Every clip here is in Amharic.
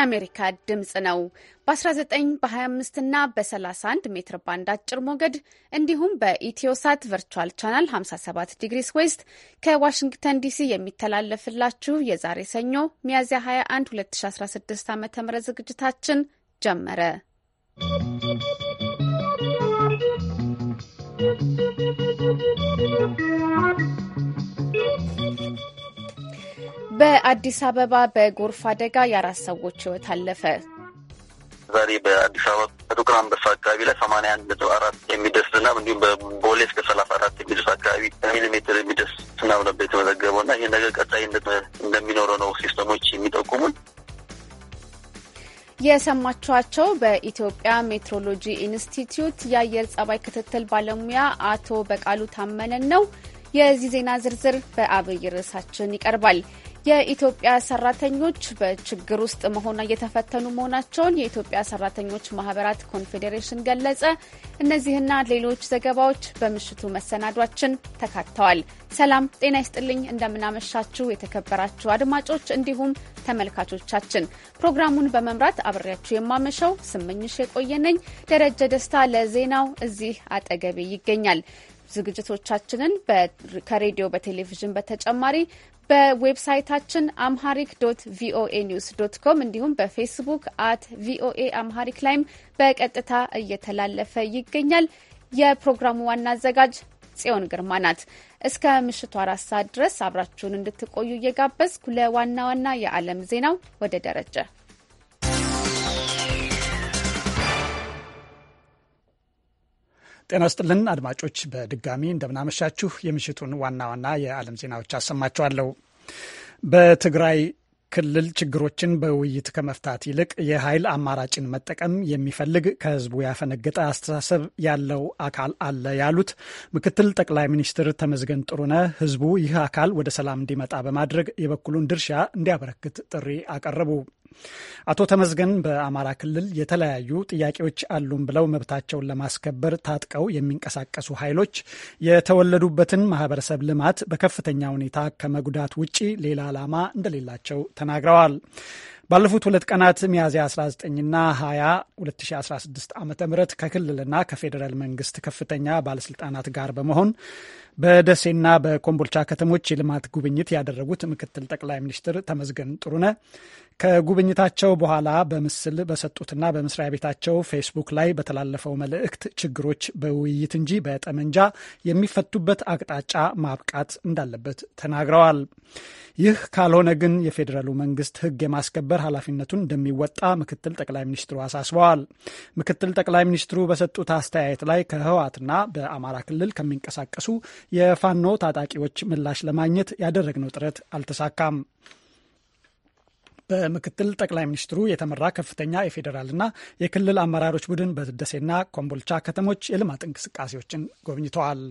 የአሜሪካ ድምፅ ነው። በ19 በ25 እና በ31 ሜትር ባንድ አጭር ሞገድ እንዲሁም በኢትዮሳት ቨርቹዋል ቻናል 57 ዲግሪስ ዌስት ከዋሽንግተን ዲሲ የሚተላለፍላችሁ የዛሬ ሰኞ ሚያዝያ 21 2016 ዓ ም ዝግጅታችን ጀመረ። በአዲስ አበባ በጎርፍ አደጋ የአራት ሰዎች ህይወት አለፈ። ዛሬ በአዲስ አበባ በጥቁር አንበሳ አካባቢ ላይ ሰማንያ አንድ ነጥብ አራት የሚደርስ ዝናብ እንዲሁም በቦሌ እስከ ሰላሳ አራት የሚደርስ አካባቢ ሚሊሜትር የሚደርስ ዝናብ ነበር የተመዘገበው እና ይህ ነገር ቀጣይነት እንደሚኖረው ነው ሲስተሞች የሚጠቁሙን። የሰማችኋቸው በኢትዮጵያ ሜትሮሎጂ ኢንስቲትዩት የአየር ጸባይ ክትትል ባለሙያ አቶ በቃሉ ታመነን ነው። የዚህ ዜና ዝርዝር በአብይ ርዕሳችን ይቀርባል። የኢትዮጵያ ሰራተኞች በችግር ውስጥ መሆና እየተፈተኑ መሆናቸውን የኢትዮጵያ ሰራተኞች ማህበራት ኮንፌዴሬሽን ገለጸ። እነዚህና ሌሎች ዘገባዎች በምሽቱ መሰናዷችን ተካተዋል። ሰላም ጤና ይስጥልኝ። እንደምናመሻችሁ የተከበራችሁ አድማጮች እንዲሁም ተመልካቾቻችን ፕሮግራሙን በመምራት አብሬያችሁ የማመሸው ስመኝሽ የቆየነኝ። ደረጀ ደስታ ለዜናው እዚህ አጠገቤ ይገኛል። ዝግጅቶቻችንን ከሬዲዮ በቴሌቪዥን በተጨማሪ በዌብሳይታችን አምሃሪክ ዶት ቪኦኤ ኒውስ ዶት ኮም እንዲሁም በፌስቡክ አት ቪኦኤ አምሃሪክ ላይም በቀጥታ እየተላለፈ ይገኛል። የፕሮግራሙ ዋና አዘጋጅ ጽዮን ግርማ ናት። እስከ ምሽቱ አራት ሰዓት ድረስ አብራችሁን እንድትቆዩ እየጋበዝኩ ለዋና ዋና የዓለም ዜናው ወደ ደረጀ ጤና ስጥልን አድማጮች፣ በድጋሚ እንደምናመሻችሁ። የምሽቱን ዋና ዋና የዓለም ዜናዎች አሰማችኋለሁ። በትግራይ ክልል ችግሮችን በውይይት ከመፍታት ይልቅ የኃይል አማራጭን መጠቀም የሚፈልግ ከህዝቡ ያፈነገጠ አስተሳሰብ ያለው አካል አለ ያሉት ምክትል ጠቅላይ ሚኒስትር ተመስገን ጥሩነህ ህዝቡ ይህ አካል ወደ ሰላም እንዲመጣ በማድረግ የበኩሉን ድርሻ እንዲያበረክት ጥሪ አቀረቡ። አቶ ተመስገን በአማራ ክልል የተለያዩ ጥያቄዎች አሉን ብለው መብታቸውን ለማስከበር ታጥቀው የሚንቀሳቀሱ ኃይሎች የተወለዱበትን ማህበረሰብ ልማት በከፍተኛ ሁኔታ ከመጉዳት ውጪ ሌላ ዓላማ እንደሌላቸው ተናግረዋል። ባለፉት ሁለት ቀናት ሚያዝያ 19ና 20 2016 ዓ ም ከክልልና ከፌዴራል መንግስት ከፍተኛ ባለስልጣናት ጋር በመሆን በደሴና በኮምቦልቻ ከተሞች የልማት ጉብኝት ያደረጉት ምክትል ጠቅላይ ሚኒስትር ተመስገን ጥሩነህ ከጉብኝታቸው በኋላ በምስል በሰጡትና በመስሪያ ቤታቸው ፌስቡክ ላይ በተላለፈው መልእክት ችግሮች በውይይት እንጂ በጠመንጃ የሚፈቱበት አቅጣጫ ማብቃት እንዳለበት ተናግረዋል። ይህ ካልሆነ ግን የፌዴራሉ መንግስት ሕግ የማስከበር ኃላፊነቱን እንደሚወጣ ምክትል ጠቅላይ ሚኒስትሩ አሳስበዋል። ምክትል ጠቅላይ ሚኒስትሩ በሰጡት አስተያየት ላይ ከህወሓትና በአማራ ክልል ከሚንቀሳቀሱ የፋኖ ታጣቂዎች ምላሽ ለማግኘት ያደረግነው ጥረት አልተሳካም። በምክትል ጠቅላይ ሚኒስትሩ የተመራ ከፍተኛ የፌዴራልና የክልል አመራሮች ቡድን በደሴና ኮምቦልቻ ከተሞች የልማት እንቅስቃሴዎችን ጎብኝተዋል።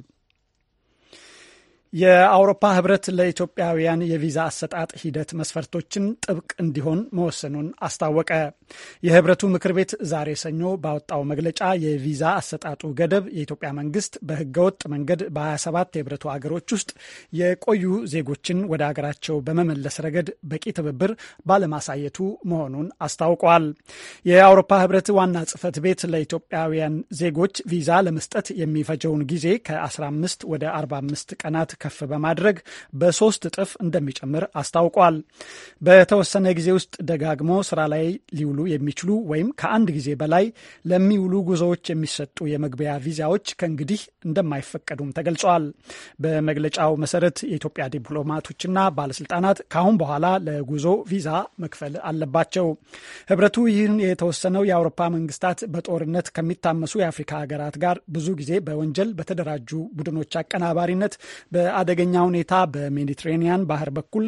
የአውሮፓ ህብረት ለኢትዮጵያውያን የቪዛ አሰጣጥ ሂደት መስፈርቶችን ጥብቅ እንዲሆን መወሰኑን አስታወቀ። የህብረቱ ምክር ቤት ዛሬ ሰኞ ባወጣው መግለጫ የቪዛ አሰጣጡ ገደብ የኢትዮጵያ መንግስት በህገወጥ መንገድ በ27 የህብረቱ አገሮች ውስጥ የቆዩ ዜጎችን ወደ አገራቸው በመመለስ ረገድ በቂ ትብብር ባለማሳየቱ መሆኑን አስታውቋል። የአውሮፓ ህብረት ዋና ጽህፈት ቤት ለኢትዮጵያውያን ዜጎች ቪዛ ለመስጠት የሚፈጀውን ጊዜ ከ15 ወደ 45 ቀናት ከፍ በማድረግ በሶስት እጥፍ እንደሚጨምር አስታውቋል። በተወሰነ ጊዜ ውስጥ ደጋግሞ ስራ ላይ ሊውሉ የሚችሉ ወይም ከአንድ ጊዜ በላይ ለሚውሉ ጉዞዎች የሚሰጡ የመግቢያ ቪዛዎች ከእንግዲህ እንደማይፈቀዱም ተገልጿል። በመግለጫው መሰረት የኢትዮጵያ ዲፕሎማቶችና ባለስልጣናት ከአሁን በኋላ ለጉዞ ቪዛ መክፈል አለባቸው። ህብረቱ ይህን የተወሰነው የአውሮፓ መንግስታት በጦርነት ከሚታመሱ የአፍሪካ ሀገራት ጋር ብዙ ጊዜ በወንጀል በተደራጁ ቡድኖች አቀናባሪነት በ በአደገኛ ሁኔታ በሜዲትሬኒያን ባህር በኩል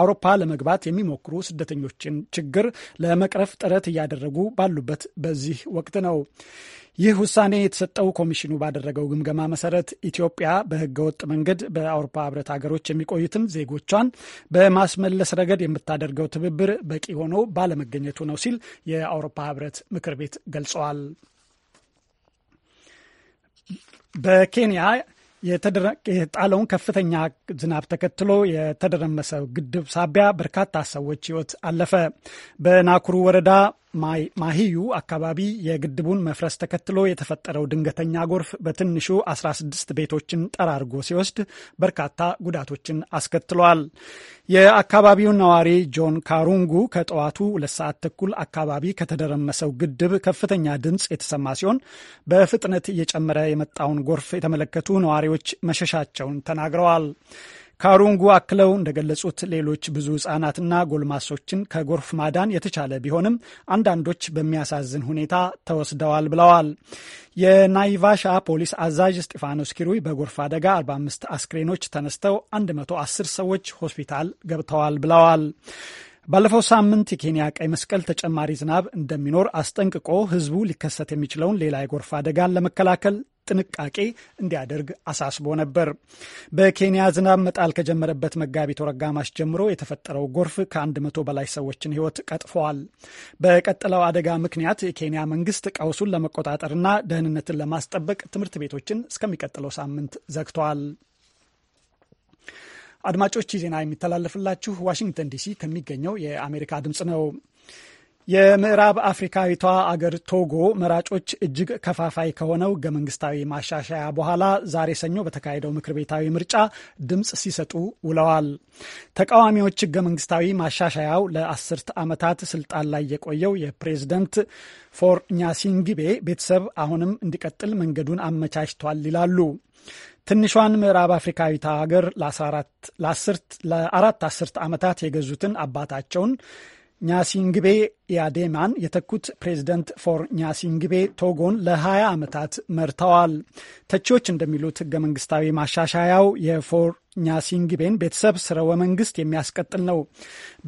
አውሮፓ ለመግባት የሚሞክሩ ስደተኞችን ችግር ለመቅረፍ ጥረት እያደረጉ ባሉበት በዚህ ወቅት ነው። ይህ ውሳኔ የተሰጠው ኮሚሽኑ ባደረገው ግምገማ መሰረት ኢትዮጵያ በህገወጥ መንገድ በአውሮፓ ህብረት ሀገሮች የሚቆዩትን ዜጎቿን በማስመለስ ረገድ የምታደርገው ትብብር በቂ ሆኖ ባለመገኘቱ ነው ሲል የአውሮፓ ህብረት ምክር ቤት ገልጸዋል። በኬንያ የጣለውን ከፍተኛ ዝናብ ተከትሎ የተደረመሰው ግድብ ሳቢያ በርካታ ሰዎች ሕይወት አለፈ። በናኩሩ ወረዳ ማሂዩ አካባቢ የግድቡን መፍረስ ተከትሎ የተፈጠረው ድንገተኛ ጎርፍ በትንሹ 16 ቤቶችን ጠራርጎ ሲወስድ በርካታ ጉዳቶችን አስከትሏል። የአካባቢው ነዋሪ ጆን ካሩንጉ ከጠዋቱ ሁለት ሰዓት ተኩል አካባቢ ከተደረመሰው ግድብ ከፍተኛ ድምፅ የተሰማ ሲሆን በፍጥነት እየጨመረ የመጣውን ጎርፍ የተመለከቱ ነዋሪዎች መሸሻቸውን ተናግረዋል። ካሩንጉ አክለው እንደገለጹት ሌሎች ብዙ ህጻናትና ጎልማሶችን ከጎርፍ ማዳን የተቻለ ቢሆንም አንዳንዶች በሚያሳዝን ሁኔታ ተወስደዋል ብለዋል። የናይቫሻ ፖሊስ አዛዥ ስጢፋኖስ ኪሩይ በጎርፍ አደጋ 45 አስክሬኖች ተነስተው 110 ሰዎች ሆስፒታል ገብተዋል ብለዋል። ባለፈው ሳምንት የኬንያ ቀይ መስቀል ተጨማሪ ዝናብ እንደሚኖር አስጠንቅቆ ህዝቡ ሊከሰት የሚችለውን ሌላ የጎርፍ አደጋን ለመከላከል ጥንቃቄ እንዲያደርግ አሳስቦ ነበር። በኬንያ ዝናብ መጣል ከጀመረበት መጋቢት ወር አጋማሽ ጀምሮ የተፈጠረው ጎርፍ ከ100 በላይ ሰዎችን ሕይወት ቀጥፈዋል። በቀጠለው አደጋ ምክንያት የኬንያ መንግስት ቀውሱን ለመቆጣጠርና ደህንነትን ለማስጠበቅ ትምህርት ቤቶችን እስከሚቀጥለው ሳምንት ዘግተዋል። አድማጮች ዜና የሚተላለፍላችሁ ዋሽንግተን ዲሲ ከሚገኘው የአሜሪካ ድምፅ ነው። የምዕራብ አፍሪካዊቷ አገር ቶጎ መራጮች እጅግ ከፋፋይ ከሆነው ህገ መንግስታዊ ማሻሻያ በኋላ ዛሬ ሰኞ በተካሄደው ምክር ቤታዊ ምርጫ ድምፅ ሲሰጡ ውለዋል። ተቃዋሚዎች ህገ መንግስታዊ ማሻሻያው ለአስርት ዓመታት ስልጣን ላይ የቆየው የፕሬዝደንት ፎር ኛሲንግቤ ቤተሰብ አሁንም እንዲቀጥል መንገዱን አመቻችቷል ይላሉ። ትንሿን ምዕራብ አፍሪካዊቷ ሀገር ለአራት አስርት ዓመታት የገዙትን አባታቸውን ኛሲንግቤ ያዴማን የተኩት ፕሬዚደንት ፎር ኛሲንግቤ ቶጎን ለ20 ዓመታት መርተዋል። ተቺዎች እንደሚሉት ህገ መንግስታዊ ማሻሻያው የፎር ኛሲንግቤን ቤተሰብ ስርወ መንግስት የሚያስቀጥል ነው።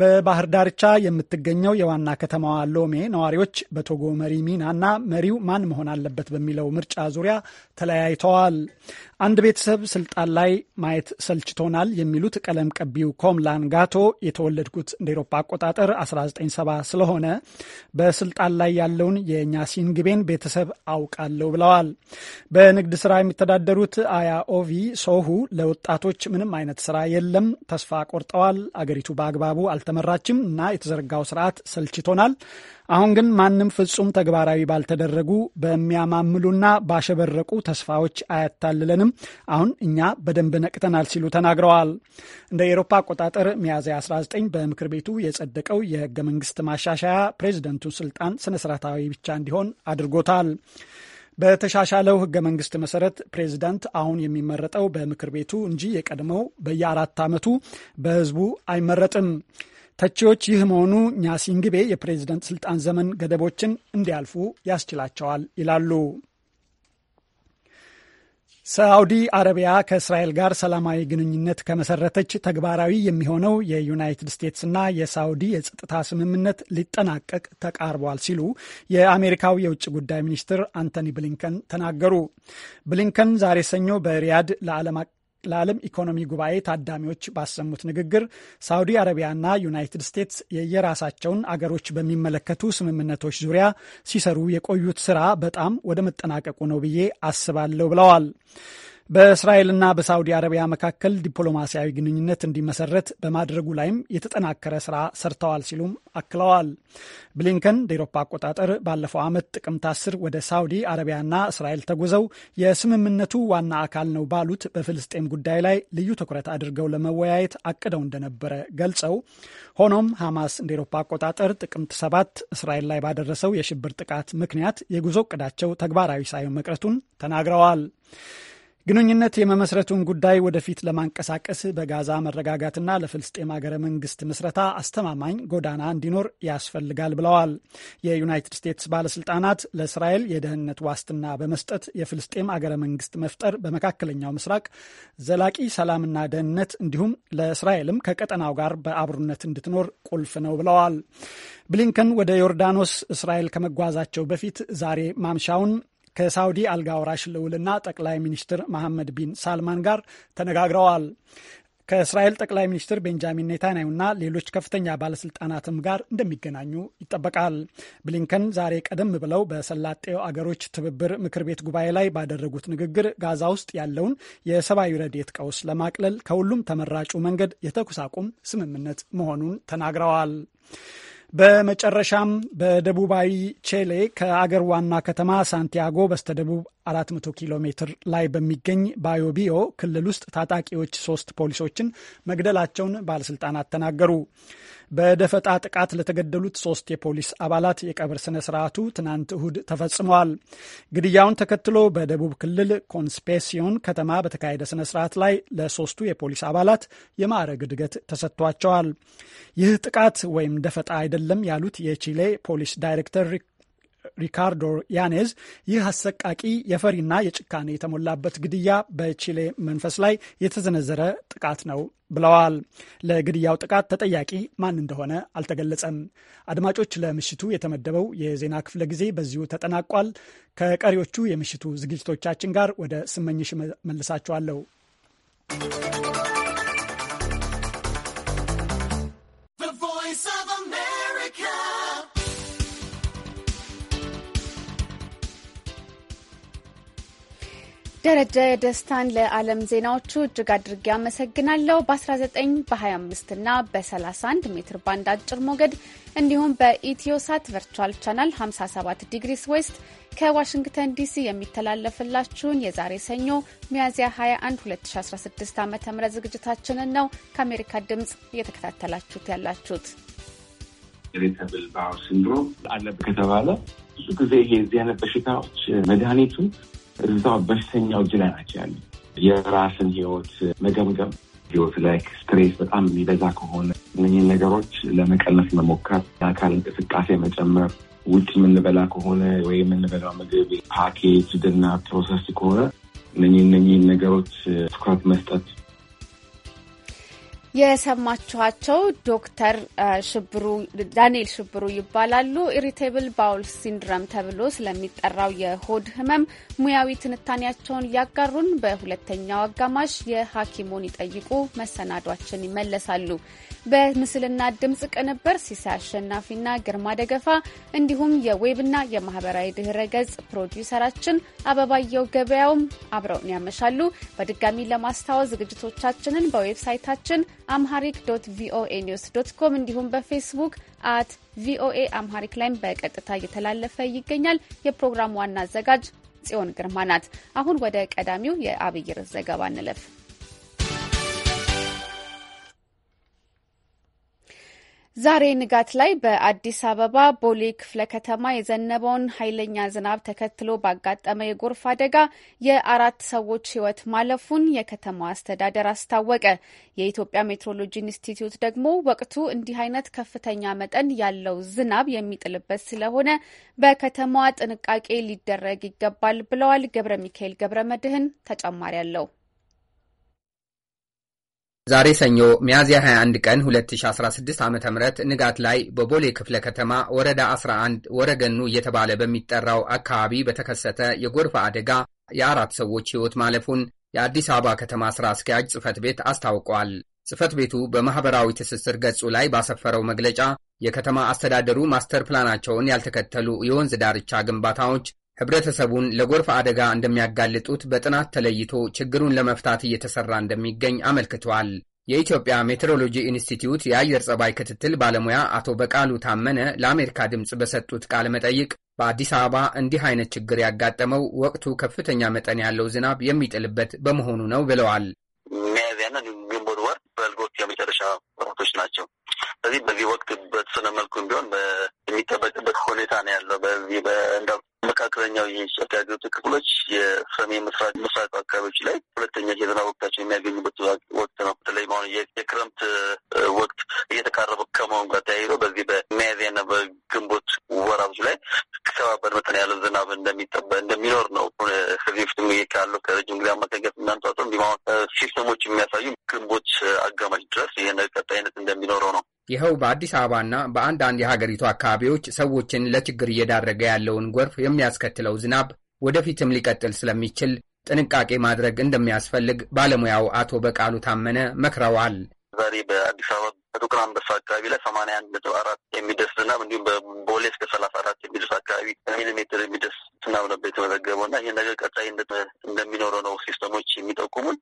በባህር ዳርቻ የምትገኘው የዋና ከተማዋ ሎሜ ነዋሪዎች በቶጎ መሪ ሚናና መሪው ማን መሆን አለበት በሚለው ምርጫ ዙሪያ ተለያይተዋል። አንድ ቤተሰብ ስልጣን ላይ ማየት ሰልችቶናል የሚሉት ቀለም ቀቢው ኮምላን ጋቶ የተወለድኩት እንደ ኤሮፓ አቆጣጠር 197 ስለሆነ በስልጣን ላይ ያለውን የኛሲንግቤን ቤተሰብ አውቃለሁ ብለዋል። በንግድ ስራ የሚተዳደሩት አያ ኦቪ ሶሁ ለወጣቶች ምንም አይነት ስራ የለም፣ ተስፋ ቆርጠዋል። አገሪቱ በአግባቡ አልተመራችም እና የተዘረጋው ስርዓት ሰልችቶናል። አሁን ግን ማንም ፍጹም ተግባራዊ ባልተደረጉ በሚያማምሉና ባሸበረቁ ተስፋዎች አያታልለንም። አሁን እኛ በደንብ ነቅተናል ሲሉ ተናግረዋል። እንደ ኤሮፓ አቆጣጠር ሚያዝያ 19 በምክር ቤቱ የጸደቀው የህገ መንግስት ማሻሻያ ፕሬዚደንቱ ስልጣን ስነስርዓታዊ ብቻ እንዲሆን አድርጎታል። በተሻሻለው ህገ መንግስት መሰረት ፕሬዚዳንት አሁን የሚመረጠው በምክር ቤቱ እንጂ የቀድሞው በየአራት ዓመቱ በህዝቡ አይመረጥም። ተቺዎች ይህ መሆኑ ኛሲንግቤ የፕሬዝደንት ስልጣን ዘመን ገደቦችን እንዲያልፉ ያስችላቸዋል ይላሉ። ሳዑዲ አረቢያ ከእስራኤል ጋር ሰላማዊ ግንኙነት ከመሰረተች ተግባራዊ የሚሆነው የዩናይትድ ስቴትስና የሳዑዲ የጸጥታ ስምምነት ሊጠናቀቅ ተቃርቧል ሲሉ የአሜሪካው የውጭ ጉዳይ ሚኒስትር አንቶኒ ብሊንከን ተናገሩ። ብሊንከን ዛሬ ሰኞ በሪያድ ለዓለም ለዓለም ኢኮኖሚ ጉባኤ ታዳሚዎች ባሰሙት ንግግር ሳውዲ አረቢያና ዩናይትድ ስቴትስ የየራሳቸውን አገሮች በሚመለከቱ ስምምነቶች ዙሪያ ሲሰሩ የቆዩት ስራ በጣም ወደ መጠናቀቁ ነው ብዬ አስባለሁ ብለዋል። በእስራኤልና በሳውዲ አረቢያ መካከል ዲፕሎማሲያዊ ግንኙነት እንዲመሰረት በማድረጉ ላይም የተጠናከረ ስራ ሰርተዋል ሲሉም አክለዋል። ብሊንከን እንደ ኤሮፓ አቆጣጠር ባለፈው ዓመት ጥቅምት አስር ወደ ሳውዲ አረቢያና እስራኤል ተጉዘው የስምምነቱ ዋና አካል ነው ባሉት በፍልስጤም ጉዳይ ላይ ልዩ ትኩረት አድርገው ለመወያየት አቅደው እንደነበረ ገልጸው ሆኖም ሐማስ እንደ ኤሮፓ አቆጣጠር ጥቅምት ሰባት እስራኤል ላይ ባደረሰው የሽብር ጥቃት ምክንያት የጉዞ እቅዳቸው ተግባራዊ ሳይሆን መቅረቱን ተናግረዋል። ግንኙነት የመመስረቱን ጉዳይ ወደፊት ለማንቀሳቀስ በጋዛ መረጋጋትና ለፍልስጤም ሀገረ መንግስት ምስረታ አስተማማኝ ጎዳና እንዲኖር ያስፈልጋል ብለዋል። የዩናይትድ ስቴትስ ባለስልጣናት ለእስራኤል የደህንነት ዋስትና በመስጠት የፍልስጤም ሀገረ መንግስት መፍጠር በመካከለኛው ምስራቅ ዘላቂ ሰላምና ደህንነት እንዲሁም ለእስራኤልም ከቀጠናው ጋር በአብሮነት እንድትኖር ቁልፍ ነው ብለዋል። ብሊንከን ወደ ዮርዳኖስ እስራኤል ከመጓዛቸው በፊት ዛሬ ማምሻውን ከሳውዲ አልጋ ወራሽ ልዑልና ጠቅላይ ሚኒስትር መሐመድ ቢን ሳልማን ጋር ተነጋግረዋል። ከእስራኤል ጠቅላይ ሚኒስትር ቤንጃሚን ኔታንያሁና ሌሎች ከፍተኛ ባለስልጣናትም ጋር እንደሚገናኙ ይጠበቃል። ብሊንከን ዛሬ ቀደም ብለው በሰላጤው አገሮች ትብብር ምክር ቤት ጉባኤ ላይ ባደረጉት ንግግር ጋዛ ውስጥ ያለውን የሰብአዊ ረድኤት ቀውስ ለማቅለል ከሁሉም ተመራጩ መንገድ የተኩስ አቁም ስምምነት መሆኑን ተናግረዋል። በመጨረሻም በደቡባዊ ቼሌ ከአገር ዋና ከተማ ሳንቲያጎ በስተደቡብ 400 ኪሎ ሜትር ላይ በሚገኝ ባዮቢዮ ክልል ውስጥ ታጣቂዎች ሶስት ፖሊሶችን መግደላቸውን ባለስልጣናት ተናገሩ። በደፈጣ ጥቃት ለተገደሉት ሶስት የፖሊስ አባላት የቀብር ስነ ስርዓቱ ትናንት እሁድ ተፈጽመዋል። ግድያውን ተከትሎ በደቡብ ክልል ኮንስፔሲዮን ከተማ በተካሄደ ስነ ስርዓት ላይ ለሶስቱ የፖሊስ አባላት የማዕረግ እድገት ተሰጥቷቸዋል። ይህ ጥቃት ወይም ደፈጣ አይደለም ያሉት የቺሌ ፖሊስ ዳይሬክተር ሪካርዶ ያኔዝ ይህ አሰቃቂ የፈሪና የጭካኔ የተሞላበት ግድያ በቺሌ መንፈስ ላይ የተዘነዘረ ጥቃት ነው ብለዋል። ለግድያው ጥቃት ተጠያቂ ማን እንደሆነ አልተገለጸም። አድማጮች፣ ለምሽቱ የተመደበው የዜና ክፍለ ጊዜ በዚሁ ተጠናቋል። ከቀሪዎቹ የምሽቱ ዝግጅቶቻችን ጋር ወደ ስመኝሽ መልሳችኋለሁ። ደረጃ የደስታን ለዓለም ዜናዎቹ እጅግ አድርጌ አመሰግናለሁ። በ19 በ25 እና በ31 ሜትር ባንድ አጭር ሞገድ እንዲሁም በኢትዮሳት ቨርቹዋል ቻናል 57 ዲግሪስ ዌስት ከዋሽንግተን ዲሲ የሚተላለፍላችሁን የዛሬ ሰኞ ሚያዝያ 21 2016 ዓ ም ዝግጅታችንን ነው ከአሜሪካ ድምፅ እየተከታተላችሁት ያላችሁት። ኢሪታብል ባወር ሲንድሮም አለ ከተባለ ብዙ ጊዜ ይሄ አይነት በሽታዎች መድኃኒቱ እዛ በሽተኛው እጅ ላይ ናቸው ያለ። የራስን ህይወት መገምገም ህይወት ላይ ስትሬስ በጣም የሚበዛ ከሆነ እነኝህን ነገሮች ለመቀነስ መሞከር፣ የአካል እንቅስቃሴ መጨመር፣ ውጭ የምንበላ ከሆነ ወይ የምንበላው ምግብ ፓኬጅ ድና ፕሮሰስ ከሆነ እነኝህን ነገሮች ትኩረት መስጠት የሰማችኋቸው ዶክተር ሽብሩ ዳንኤል ሽብሩ ይባላሉ። ኢሪቴብል ባውል ሲንድረም ተብሎ ስለሚጠራው የሆድ ህመም ሙያዊ ትንታኔያቸውን ያጋሩን በሁለተኛው አጋማሽ የሐኪሞን ይጠይቁ መሰናዷችን ይመለሳሉ። በምስልና ድምፅ ቅንብር ሲሳይ አሸናፊና ግርማ ደገፋ እንዲሁም የዌብና የማህበራዊ ድህረ ገጽ ፕሮዲውሰራችን አበባየው ገበያውም አብረውን ያመሻሉ። በድጋሚ ለማስታወስ ዝግጅቶቻችንን በዌብሳይታችን አምሃሪክ ዶት ቪኦኤ ኒውስ ዶት ኮም እንዲሁም በፌስቡክ አት ቪኦኤ አምሃሪክ ላይም በቀጥታ እየተላለፈ ይገኛል። የፕሮግራሙ ዋና አዘጋጅ ጽዮን ግርማ ናት። አሁን ወደ ቀዳሚው የአብይር ዘገባ እንለፍ። ዛሬ ንጋት ላይ በአዲስ አበባ ቦሌ ክፍለ ከተማ የዘነበውን ኃይለኛ ዝናብ ተከትሎ ባጋጠመ የጎርፍ አደጋ የአራት ሰዎች ሕይወት ማለፉን የከተማዋ አስተዳደር አስታወቀ። የኢትዮጵያ ሜትሮሎጂ ኢንስቲትዩት ደግሞ ወቅቱ እንዲህ አይነት ከፍተኛ መጠን ያለው ዝናብ የሚጥልበት ስለሆነ በከተማዋ ጥንቃቄ ሊደረግ ይገባል ብለዋል። ገብረ ሚካኤል ገብረ መድህን ተጨማሪ አለው። ዛሬ ሰኞ ሚያዝያ 21 ቀን 2016 ዓ ም ንጋት ላይ በቦሌ ክፍለ ከተማ ወረዳ 11 ወረገኑ እየተባለ በሚጠራው አካባቢ በተከሰተ የጎርፍ አደጋ የአራት ሰዎች ሕይወት ማለፉን የአዲስ አበባ ከተማ ሥራ አስኪያጅ ጽፈት ቤት አስታውቋል። ጽፈት ቤቱ በማኅበራዊ ትስስር ገጹ ላይ ባሰፈረው መግለጫ የከተማ አስተዳደሩ ማስተር ፕላናቸውን ያልተከተሉ የወንዝ ዳርቻ ግንባታዎች ህብረተሰቡን ለጎርፍ አደጋ እንደሚያጋልጡት በጥናት ተለይቶ ችግሩን ለመፍታት እየተሰራ እንደሚገኝ አመልክቷል። የኢትዮጵያ ሜትሮሎጂ ኢንስቲትዩት የአየር ጸባይ ክትትል ባለሙያ አቶ በቃሉ ታመነ ለአሜሪካ ድምፅ በሰጡት ቃለ መጠይቅ በአዲስ አበባ እንዲህ አይነት ችግር ያጋጠመው ወቅቱ ከፍተኛ መጠን ያለው ዝናብ የሚጥልበት በመሆኑ ነው ብለዋል። ሚያዝያና ግንቦት ወር በልጎች የመጨረሻ ወቅቶች ናቸው። ስለዚህ በዚህ ወቅት በተወሰነ መልኩም ቢሆን የሚጠበቅበት ሁኔታ ነው ያለው በዚህ መካከለኛው የኢትዮጵያ ሀገሪቱ ክፍሎች የሰሜ ምስራቅ ምስራቅ አካባቢዎች ላይ ሁለተኛ የዝናብ ወቅታቸው የሚያገኙበት ወቅት ነው። በተለይ አሁን የክረምት ወቅት እየተቃረበ ከመሆኑ ጋር ተያይዞ በዚህ በሚያዝያና በግንቦት ወራቶች ላይ ከባባድ መጠን ያለ ዝናብ እንደሚጠበ እንደሚኖር ነው። ከዚህ በፊትም ካሉ ከረጅም ጊዜ አማካኝነት እናንተዋጠ ቢሁን ሲስተሞች የሚያሳዩ ግንቦት አጋማሽ ድረስ ይህን ቀጣይነት እንደሚኖረው ነው። ይኸው በአዲስ አበባና በአንዳንድ የሀገሪቱ አካባቢዎች ሰዎችን ለችግር እየዳረገ ያለውን ጎርፍ የሚያስከትለው ዝናብ ወደፊትም ሊቀጥል ስለሚችል ጥንቃቄ ማድረግ እንደሚያስፈልግ ባለሙያው አቶ በቃሉ ታመነ መክረዋል። ዛሬ በአዲስ አበባ በጥቁር አንበሳ አካባቢ ላይ ሰማንያ አንድ ነጥብ አራት የሚደርስ ዝናብ እንዲሁም በቦሌ እስከ ሰላሳ አራት የሚደርስ አካባቢ ሚሊሜትር የሚደርስ ዝናብ ነበር የተመዘገበው እና ይህ ነገር ቀጣይነት እንደሚኖረው ነው ሲስተሞች የሚጠቁሙን።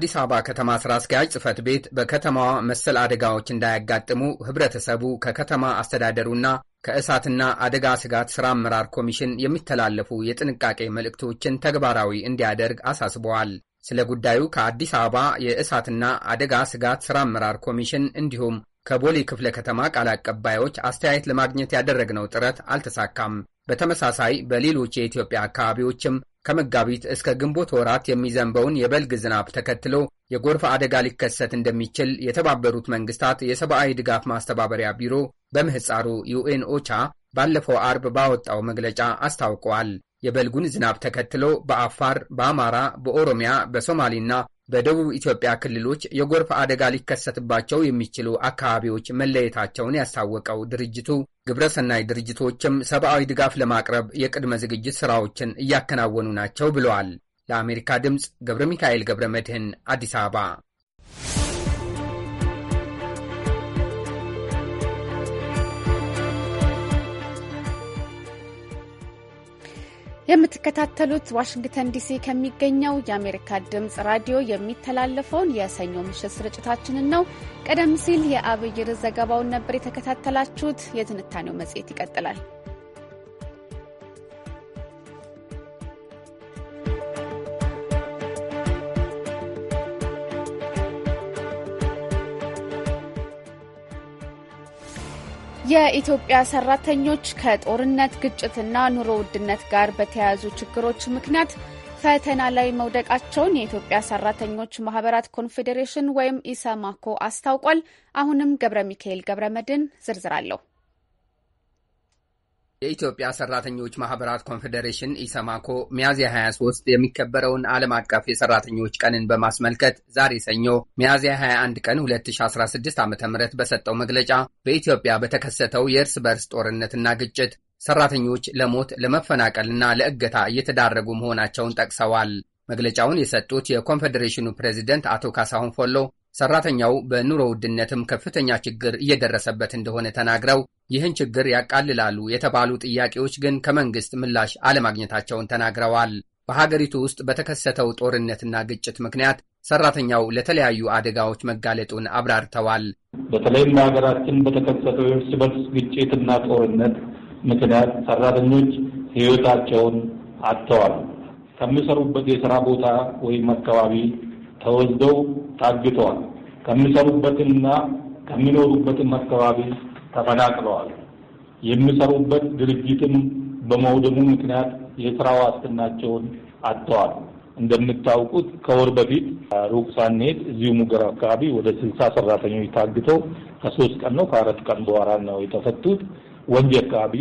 የአዲስ አበባ ከተማ ስራ አስኪያጅ ጽህፈት ቤት በከተማዋ መሰል አደጋዎች እንዳያጋጥሙ ህብረተሰቡ ከከተማ አስተዳደሩና ከእሳትና አደጋ ስጋት ስራ አመራር ኮሚሽን የሚተላለፉ የጥንቃቄ መልእክቶችን ተግባራዊ እንዲያደርግ አሳስበዋል። ስለ ጉዳዩ ከአዲስ አበባ የእሳትና አደጋ ስጋት ስራ አመራር ኮሚሽን እንዲሁም ከቦሌ ክፍለ ከተማ ቃል አቀባዮች አስተያየት ለማግኘት ያደረግነው ጥረት አልተሳካም። በተመሳሳይ በሌሎች የኢትዮጵያ አካባቢዎችም ከመጋቢት እስከ ግንቦት ወራት የሚዘንበውን የበልግ ዝናብ ተከትሎ የጎርፍ አደጋ ሊከሰት እንደሚችል የተባበሩት መንግስታት የሰብአዊ ድጋፍ ማስተባበሪያ ቢሮ በምህፃሩ ዩኤን ኦቻ ባለፈው አርብ ባወጣው መግለጫ አስታውቀዋል። የበልጉን ዝናብ ተከትሎ በአፋር፣ በአማራ፣ በኦሮሚያ፣ በሶማሊና በደቡብ ኢትዮጵያ ክልሎች የጎርፍ አደጋ ሊከሰትባቸው የሚችሉ አካባቢዎች መለየታቸውን ያስታወቀው ድርጅቱ ግብረሰናይ ድርጅቶችም ሰብአዊ ድጋፍ ለማቅረብ የቅድመ ዝግጅት ሥራዎችን እያከናወኑ ናቸው ብለዋል። ለአሜሪካ ድምፅ ገብረ ሚካኤል ገብረ መድህን አዲስ አበባ የምትከታተሉት ዋሽንግተን ዲሲ ከሚገኘው የአሜሪካ ድምፅ ራዲዮ የሚተላለፈውን የሰኞ ምሽት ስርጭታችንን ነው። ቀደም ሲል የአብይር ዘገባውን ነበር የተከታተላችሁት። የትንታኔው መጽሔት ይቀጥላል። የኢትዮጵያ ሰራተኞች ከጦርነት ግጭትና ኑሮ ውድነት ጋር በተያያዙ ችግሮች ምክንያት ፈተና ላይ መውደቃቸውን የኢትዮጵያ ሰራተኞች ማህበራት ኮንፌዴሬሽን ወይም ኢሰማኮ አስታውቋል። አሁንም ገብረ ሚካኤል ገብረ መድን ዝርዝር አለው የኢትዮጵያ ሰራተኞች ማህበራት ኮንፌዴሬሽን ኢሰማኮ ሚያዝያ 23 የሚከበረውን ዓለም አቀፍ የሰራተኞች ቀንን በማስመልከት ዛሬ ሰኞ ሚያዝያ 21 ቀን 2016 ዓ ም በሰጠው መግለጫ በኢትዮጵያ በተከሰተው የእርስ በርስ ጦርነትና ግጭት ሰራተኞች ለሞት ለመፈናቀልና ለእገታ እየተዳረጉ መሆናቸውን ጠቅሰዋል። መግለጫውን የሰጡት የኮንፌዴሬሽኑ ፕሬዚደንት አቶ ካሳሁን ፎሎ ሰራተኛው በኑሮ ውድነትም ከፍተኛ ችግር እየደረሰበት እንደሆነ ተናግረው ይህን ችግር ያቃልላሉ የተባሉ ጥያቄዎች ግን ከመንግስት ምላሽ አለማግኘታቸውን ተናግረዋል። በሀገሪቱ ውስጥ በተከሰተው ጦርነትና ግጭት ምክንያት ሰራተኛው ለተለያዩ አደጋዎች መጋለጡን አብራርተዋል። በተለይም በሀገራችን በተከሰተው የእርስ በርስ ግጭትና ጦርነት ምክንያት ሰራተኞች ህይወታቸውን አጥተዋል። ከሚሰሩበት የስራ ቦታ ወይም አካባቢ ተወስደው ታግተዋል። ከሚሰሩበትና ከሚኖሩበትም አካባቢ ተፈናቅለዋል። የሚሰሩበት ድርጅትም በመውደሙ ምክንያት የስራ ዋስትናቸውን አጥተዋል። እንደምታውቁት ከወር በፊት ሩቅ ሳንሄድ እዚሁ ሙገር አካባቢ ወደ ስልሳ ሰራተኞች ታግተው ከሶስት ቀን ነው ከአራት ቀን በኋላ ነው የተፈቱት። ወንጂ አካባቢ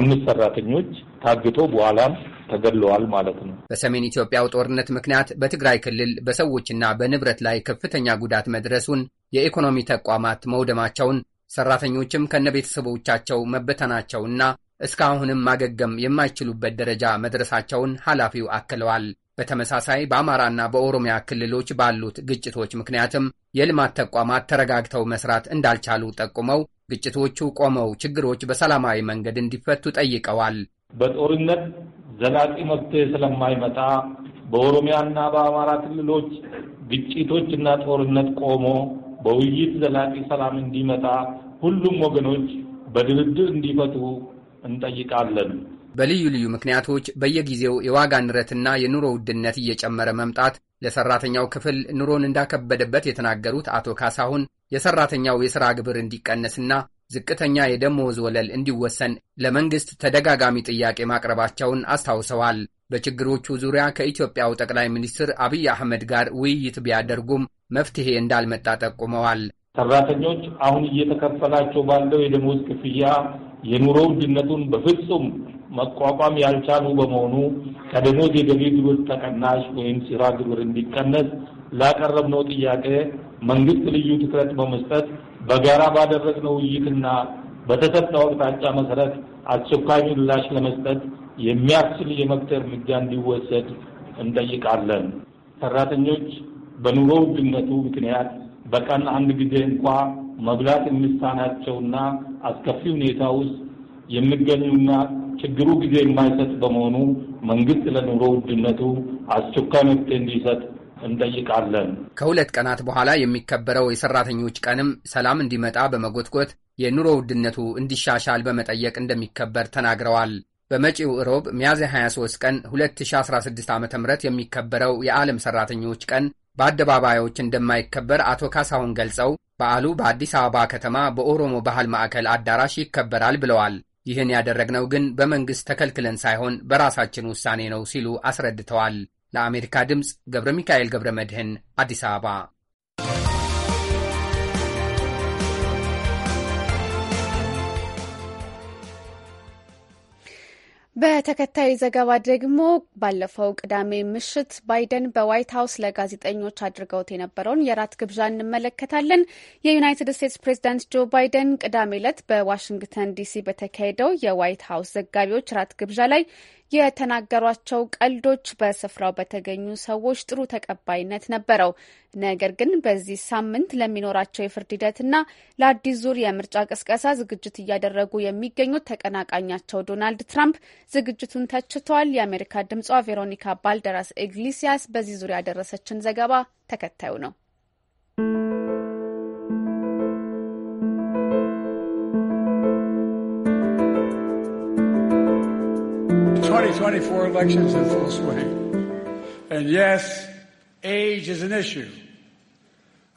አምስት ሰራተኞች ታግተው በኋላም ተገድለዋል ማለት ነው። በሰሜን ኢትዮጵያው ጦርነት ምክንያት በትግራይ ክልል በሰዎችና በንብረት ላይ ከፍተኛ ጉዳት መድረሱን፣ የኢኮኖሚ ተቋማት መውደማቸውን፣ ሰራተኞችም ከነቤተሰቦቻቸው መበተናቸውና እስካሁንም ማገገም የማይችሉበት ደረጃ መድረሳቸውን ኃላፊው አክለዋል። በተመሳሳይ በአማራና በኦሮሚያ ክልሎች ባሉት ግጭቶች ምክንያትም የልማት ተቋማት ተረጋግተው መስራት እንዳልቻሉ ጠቁመው ግጭቶቹ ቆመው ችግሮች በሰላማዊ መንገድ እንዲፈቱ ጠይቀዋል። በጦርነት ዘላቂ መፍትሄ ስለማይመጣ በኦሮሚያና በአማራ ክልሎች ግጭቶችና ጦርነት ቆሞ በውይይት ዘላቂ ሰላም እንዲመጣ ሁሉም ወገኖች በድርድር እንዲፈቱ እንጠይቃለን። በልዩ ልዩ ምክንያቶች በየጊዜው የዋጋ ንረትና የኑሮ ውድነት እየጨመረ መምጣት ለሰራተኛው ክፍል ኑሮን እንዳከበደበት የተናገሩት አቶ ካሳሁን የሰራተኛው የሥራ ግብር እንዲቀነስና ዝቅተኛ የደሞዝ ወለል እንዲወሰን ለመንግሥት ተደጋጋሚ ጥያቄ ማቅረባቸውን አስታውሰዋል። በችግሮቹ ዙሪያ ከኢትዮጵያው ጠቅላይ ሚኒስትር አብይ አህመድ ጋር ውይይት ቢያደርጉም መፍትሄ እንዳልመጣ ጠቁመዋል። ሰራተኞች አሁን እየተከፈላቸው ባለው የደሞዝ ክፍያ የኑሮ ውድነቱን በፍጹም መቋቋም ያልቻሉ በመሆኑ ከደሞዝ የገቢ ግብር ተቀናሽ ወይም ሲራ ግብር እንዲቀነስ ላቀረብነው ጥያቄ መንግስት ልዩ ትኩረት በመስጠት በጋራ ባደረግነው ውይይትና በተሰጠው አቅጣጫ መሰረት አስቸኳይ ምላሽ ለመስጠት የሚያስችል የመብት እርምጃ እንዲወሰድ እንጠይቃለን። ሰራተኞች በኑሮ ውድነቱ ምክንያት በቀን አንድ ጊዜ እንኳ መብላት የሚሳናቸውና አስከፊ ሁኔታ ውስጥ የሚገኙና ችግሩ ጊዜ የማይሰጥ በመሆኑ መንግስት ለኑሮ ውድነቱ አስቸኳይ መፍትሄ እንዲሰጥ እንጠይቃለን። ከሁለት ቀናት በኋላ የሚከበረው የሰራተኞች ቀንም ሰላም እንዲመጣ በመጎትጎት የኑሮ ውድነቱ እንዲሻሻል በመጠየቅ እንደሚከበር ተናግረዋል። በመጪው እሮብ ሚያዝያ 23 ቀን 2016 ዓ ም የሚከበረው የዓለም ሰራተኞች ቀን በአደባባዮች እንደማይከበር አቶ ካሳሁን ገልጸው በዓሉ በአዲስ አበባ ከተማ በኦሮሞ ባህል ማዕከል አዳራሽ ይከበራል ብለዋል። ይህን ያደረግነው ግን በመንግሥት ተከልክለን ሳይሆን በራሳችን ውሳኔ ነው ሲሉ አስረድተዋል። ለአሜሪካ ድምፅ ገብረ ሚካኤል ገብረ መድህን አዲስ አበባ በተከታይ ዘገባ ደግሞ ባለፈው ቅዳሜ ምሽት ባይደን በዋይት ሀውስ ለጋዜጠኞች አድርገውት የነበረውን የራት ግብዣ እንመለከታለን። የዩናይትድ ስቴትስ ፕሬዚዳንት ጆ ባይደን ቅዳሜ ዕለት በዋሽንግተን ዲሲ በተካሄደው የዋይት ሀውስ ዘጋቢዎች ራት ግብዣ ላይ የተናገሯቸው ቀልዶች በስፍራው በተገኙ ሰዎች ጥሩ ተቀባይነት ነበረው። ነገር ግን በዚህ ሳምንት ለሚኖራቸው የፍርድ ሂደትና ለአዲስ ዙር የምርጫ ቅስቀሳ ዝግጅት እያደረጉ የሚገኙት ተቀናቃኛቸው ዶናልድ ትራምፕ ዝግጅቱን ተችተዋል። የአሜሪካ ድምጿ ቬሮኒካ ባልደራስ ኢግሊሲያስ በዚህ ዙሪያ ያደረሰችን ዘገባ ተከታዩ ነው። 2024 elections in full swing. And yes, age is an issue.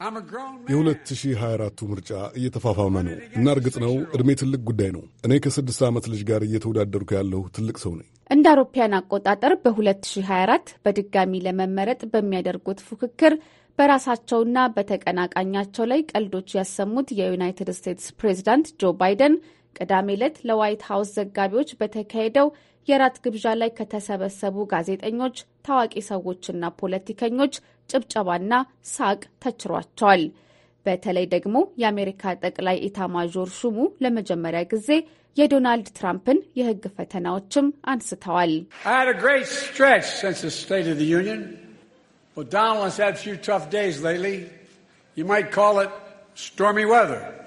ሺህ 2024 አራቱ ምርጫ እየተፋፋመ ነው እና እርግጥ ነው እድሜ ትልቅ ጉዳይ ነው። እኔ ከስድስት ዓመት ልጅ ጋር እየተወዳደርኩ ያለሁ ትልቅ ሰው ነኝ። እንደ አውሮፓያን አቆጣጠር በ2024 በድጋሚ ለመመረጥ በሚያደርጉት ፉክክር በራሳቸውና በተቀናቃኛቸው ላይ ቀልዶች ያሰሙት የዩናይትድ ስቴትስ ፕሬዚዳንት ጆ ባይደን ቅዳሜ ዕለት ለዋይት ሃውስ ዘጋቢዎች በተካሄደው የራት ግብዣ ላይ ከተሰበሰቡ ጋዜጠኞች፣ ታዋቂ ሰዎችና ፖለቲከኞች ጭብጨባና ሳቅ ተችሯቸዋል። በተለይ ደግሞ የአሜሪካ ጠቅላይ ኢታማዦር ሹሙ ለመጀመሪያ ጊዜ የዶናልድ ትራምፕን የሕግ ፈተናዎችም አንስተዋል። ዶናልድ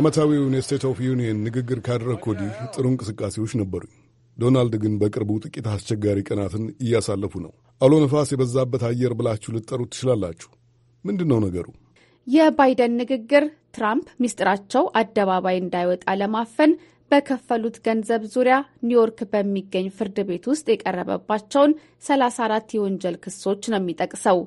ዓመታዊውን የስቴት ኦፍ ዩኒየን ንግግር ካደረግኩ ወዲህ ጥሩ እንቅስቃሴዎች ነበሩኝ። ዶናልድ ግን በቅርቡ ጥቂት አስቸጋሪ ቀናትን እያሳለፉ ነው። አውሎ ነፋስ የበዛበት አየር ብላችሁ ልትጠሩት ትችላላችሁ። ምንድን ነው ነገሩ? የባይደን ንግግር ትራምፕ ምስጢራቸው አደባባይ እንዳይወጣ ለማፈን በከፈሉት ገንዘብ ዙሪያ ኒውዮርክ በሚገኝ ፍርድ ቤት ውስጥ የቀረበባቸውን 34 የወንጀል ክሶች ነው የሚጠቅሰው።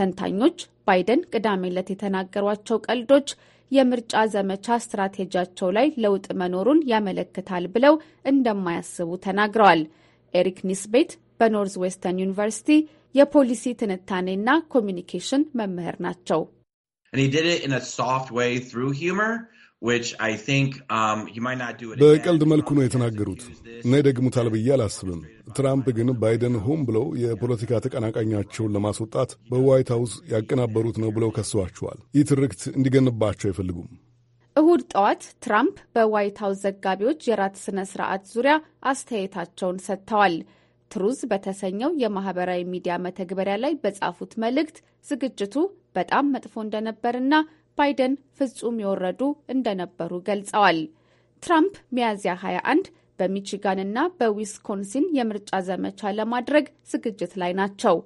ተንታኞች ባይደን ቅዳሜ ዕለት የተናገሯቸው ቀልዶች የምርጫ ዘመቻ ስትራቴጂያቸው ላይ ለውጥ መኖሩን ያመለክታል ብለው እንደማያስቡ ተናግረዋል። ኤሪክ ኒስቤት በኖርዝ ዌስተርን ዩኒቨርሲቲ የፖሊሲ ትንታኔና ኮሚኒኬሽን መምህር ናቸው። And he did it in a soft way through humor, Um, በቀልድ መልኩ ነው የተናገሩት እና ደግሙታል ብዬ አላስብም። ትራምፕ ግን ባይደን ሆም ብለው የፖለቲካ ተቀናቃኛቸውን ለማስወጣት በዋይት ሀውስ ያቀናበሩት ነው ብለው ከሰዋቸዋል። ይህ ትርክት እንዲገንባቸው አይፈልጉም። እሁድ ጠዋት ትራምፕ በዋይት ሀውስ ዘጋቢዎች የራት ስነ ስርዓት ዙሪያ አስተያየታቸውን ሰጥተዋል። ትሩዝ በተሰኘው የማህበራዊ ሚዲያ መተግበሪያ ላይ በጻፉት መልእክት ዝግጅቱ በጣም መጥፎ እንደነበርና ባይደን ፍጹም የወረዱ እንደነበሩ ገልጸዋል። ትራምፕ ሚያዝያ 21 በሚቺጋንና በዊስኮንሲን የምርጫ ዘመቻ ለማድረግ ዝግጅት ላይ ናቸው።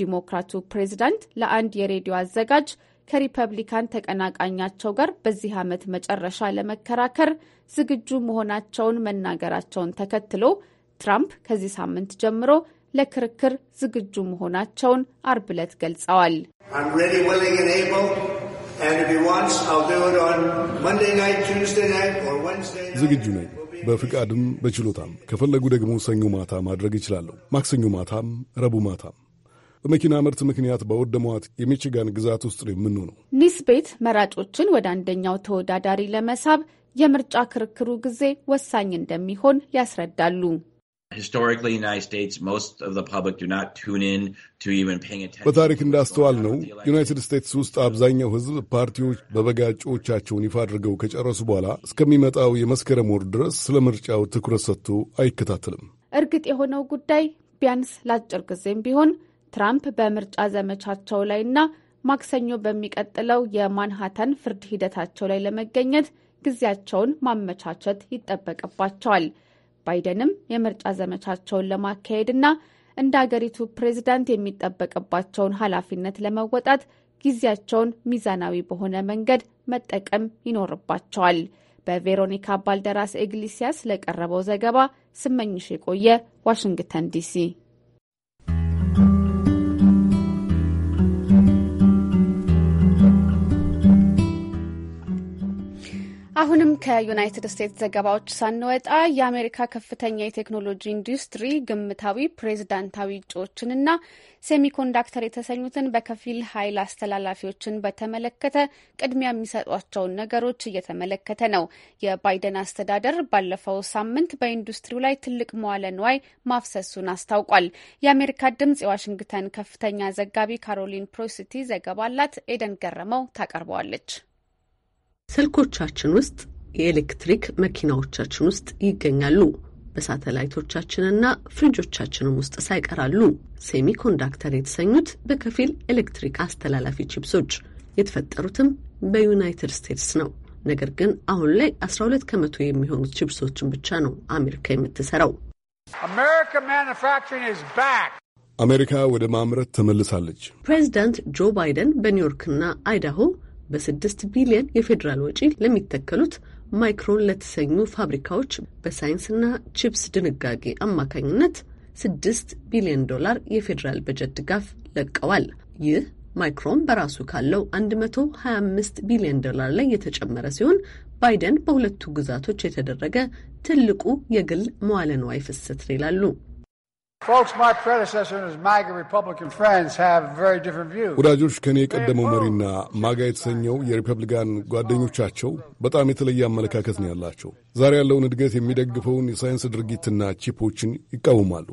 ዲሞክራቱ ፕሬዚዳንት ለአንድ የሬዲዮ አዘጋጅ ከሪፐብሊካን ተቀናቃኛቸው ጋር በዚህ ዓመት መጨረሻ ለመከራከር ዝግጁ መሆናቸውን መናገራቸውን ተከትሎ ትራምፕ ከዚህ ሳምንት ጀምሮ ለክርክር ዝግጁ መሆናቸውን አርብ ዕለት ገልጸዋል። ዝግጁ ነኝ፣ በፍቃድም በችሎታም። ከፈለጉ ደግሞ ሰኞ ማታ ማድረግ እችላለሁ። ማክሰኞ ማታም፣ ረቡዕ ማታም። በመኪና ምርት ምክንያት በወደሟት የሚችጋን ግዛት ውስጥ ነው የምንሆነው። ቤት መራጮችን ወደ አንደኛው ተወዳዳሪ ለመሳብ የምርጫ ክርክሩ ጊዜ ወሳኝ እንደሚሆን ያስረዳሉ። historically በታሪክ እንዳስተዋል ነው ዩናይትድ ስቴትስ ውስጥ አብዛኛው ሕዝብ ፓርቲዎች በበጋ እጩዎቻቸውን ይፋ አድርገው ከጨረሱ በኋላ እስከሚመጣው የመስከረም ወር ድረስ ስለ ምርጫው ትኩረት ሰጥቶ አይከታተልም። እርግጥ የሆነው ጉዳይ ቢያንስ ለአጭር ጊዜም ቢሆን ትራምፕ በምርጫ ዘመቻቸው ላይና ማክሰኞ በሚቀጥለው የማንሃታን ፍርድ ሂደታቸው ላይ ለመገኘት ጊዜያቸውን ማመቻቸት ይጠበቅባቸዋል። ባይደንም የምርጫ ዘመቻቸውን ለማካሄድና እንደ አገሪቱ ፕሬዝዳንት የሚጠበቅባቸውን ኃላፊነት ለመወጣት ጊዜያቸውን ሚዛናዊ በሆነ መንገድ መጠቀም ይኖርባቸዋል። በቬሮኒካ ባልደራስ ኢግሊሲያስ ለቀረበው ዘገባ ስመኝሽ የቆየ ዋሽንግተን ዲሲ። አሁንም ከዩናይትድ ስቴትስ ዘገባዎች ሳንወጣ የአሜሪካ ከፍተኛ የቴክኖሎጂ ኢንዱስትሪ ግምታዊ ፕሬዝዳንታዊ እጩዎችንና ሴሚኮንዳክተር የተሰኙትን በከፊል ኃይል አስተላላፊዎችን በተመለከተ ቅድሚያ የሚሰጧቸውን ነገሮች እየተመለከተ ነው። የባይደን አስተዳደር ባለፈው ሳምንት በኢንዱስትሪው ላይ ትልቅ መዋለ ንዋይ ማፍሰሱን አስታውቋል። የአሜሪካ ድምጽ የዋሽንግተን ከፍተኛ ዘጋቢ ካሮሊን ፕሮሲቲ ዘገባ አላት። ኤደን ገረመው ታቀርበዋለች። ስልኮቻችን ውስጥ የኤሌክትሪክ መኪናዎቻችን ውስጥ ይገኛሉ። በሳተላይቶቻችንና ፍሪጆቻችንም ውስጥ ሳይቀራሉ ሴሚ ኮንዳክተር የተሰኙት በከፊል ኤሌክትሪክ አስተላላፊ ቺፕሶች የተፈጠሩትም በዩናይትድ ስቴትስ ነው። ነገር ግን አሁን ላይ 12 ከመቶ የሚሆኑት ቺፕሶችን ብቻ ነው አሜሪካ የምትሰራው። አሜሪካ ወደ ማምረት ተመልሳለች። ፕሬዚዳንት ጆ ባይደን በኒውዮርክና አይዳሆ በስድስት ቢሊዮን የፌዴራል ወጪ ለሚተከሉት ማይክሮን ለተሰኙ ፋብሪካዎች በሳይንስና ቺፕስ ድንጋጌ አማካኝነት ስድስት ቢሊዮን ዶላር የፌዴራል በጀት ድጋፍ ለቀዋል። ይህ ማይክሮን በራሱ ካለው 125 ቢሊዮን ዶላር ላይ የተጨመረ ሲሆን ባይደን በሁለቱ ግዛቶች የተደረገ ትልቁ የግል መዋለ ንዋይ ፍሰት ይላሉ። ወዳጆች ከኔ የቀደመው መሪና ማጋ የተሰኘው የሪፐብሊካን ጓደኞቻቸው በጣም የተለየ አመለካከት ነው ያላቸው። ዛሬ ያለውን እድገት የሚደግፈውን የሳይንስ ድርጊትና ቺፖችን ይቃወማሉ።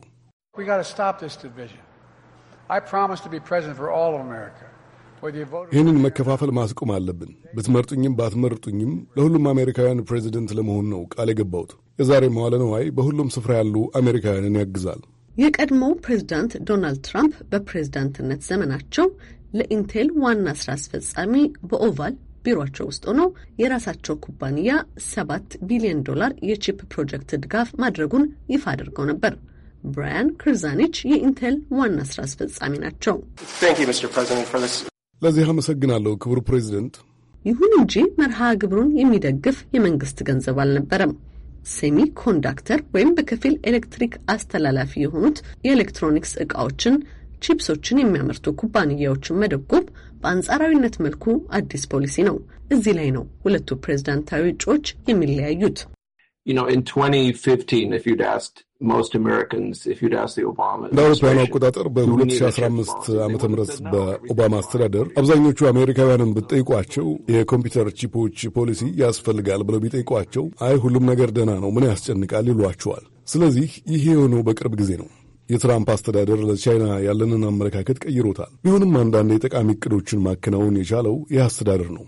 ይህንን መከፋፈል ማስቆም አለብን። ብትመርጡኝም ባትመርጡኝም ለሁሉም አሜሪካውያን ፕሬዚደንት ለመሆን ነው ቃል የገባሁት። የዛሬ መዋለ ነዋይ በሁሉም ስፍራ ያሉ አሜሪካውያንን ያግዛል። የቀድሞው ፕሬዝዳንት ዶናልድ ትራምፕ በፕሬዝዳንትነት ዘመናቸው ለኢንቴል ዋና ስራ አስፈጻሚ በኦቫል ቢሮቸው ውስጥ ሆነው የራሳቸው ኩባንያ ሰባት ቢሊዮን ዶላር የቺፕ ፕሮጀክት ድጋፍ ማድረጉን ይፋ አድርገው ነበር። ብራያን ክርዛኒች የኢንቴል ዋና ስራ አስፈጻሚ ናቸው። ለዚህ አመሰግናለሁ ክቡር ፕሬዚደንት። ይሁን እንጂ መርሃ ግብሩን የሚደግፍ የመንግስት ገንዘብ አልነበረም። ሴሚ ኮንዳክተር ወይም በከፊል ኤሌክትሪክ አስተላላፊ የሆኑት የኤሌክትሮኒክስ እቃዎችን፣ ቺፕሶችን የሚያመርቱ ኩባንያዎችን መደጎም በአንጻራዊነት መልኩ አዲስ ፖሊሲ ነው። እዚህ ላይ ነው ሁለቱ ፕሬዝዳንታዊ እጩዎች የሚለያዩት። You know, in 2015, if you'd asked እንደ አውሮፓውያኑ አቆጣጠር በ2015 ዓ ም በኦባማ አስተዳደር አብዛኞቹ አሜሪካውያንን ብጠይቋቸው የኮምፒውተር ቺፖች ፖሊሲ ያስፈልጋል ብለው ቢጠይቋቸው አይ ሁሉም ነገር ደህና ነው፣ ምን ያስጨንቃል ይሏቸዋል። ስለዚህ ይህ የሆነው በቅርብ ጊዜ ነው። የትራምፕ አስተዳደር ለቻይና ያለንን አመለካከት ቀይሮታል። ቢሆንም አንዳንድ የጠቃሚ እቅዶችን ማከናወን የቻለው ይህ አስተዳደር ነው።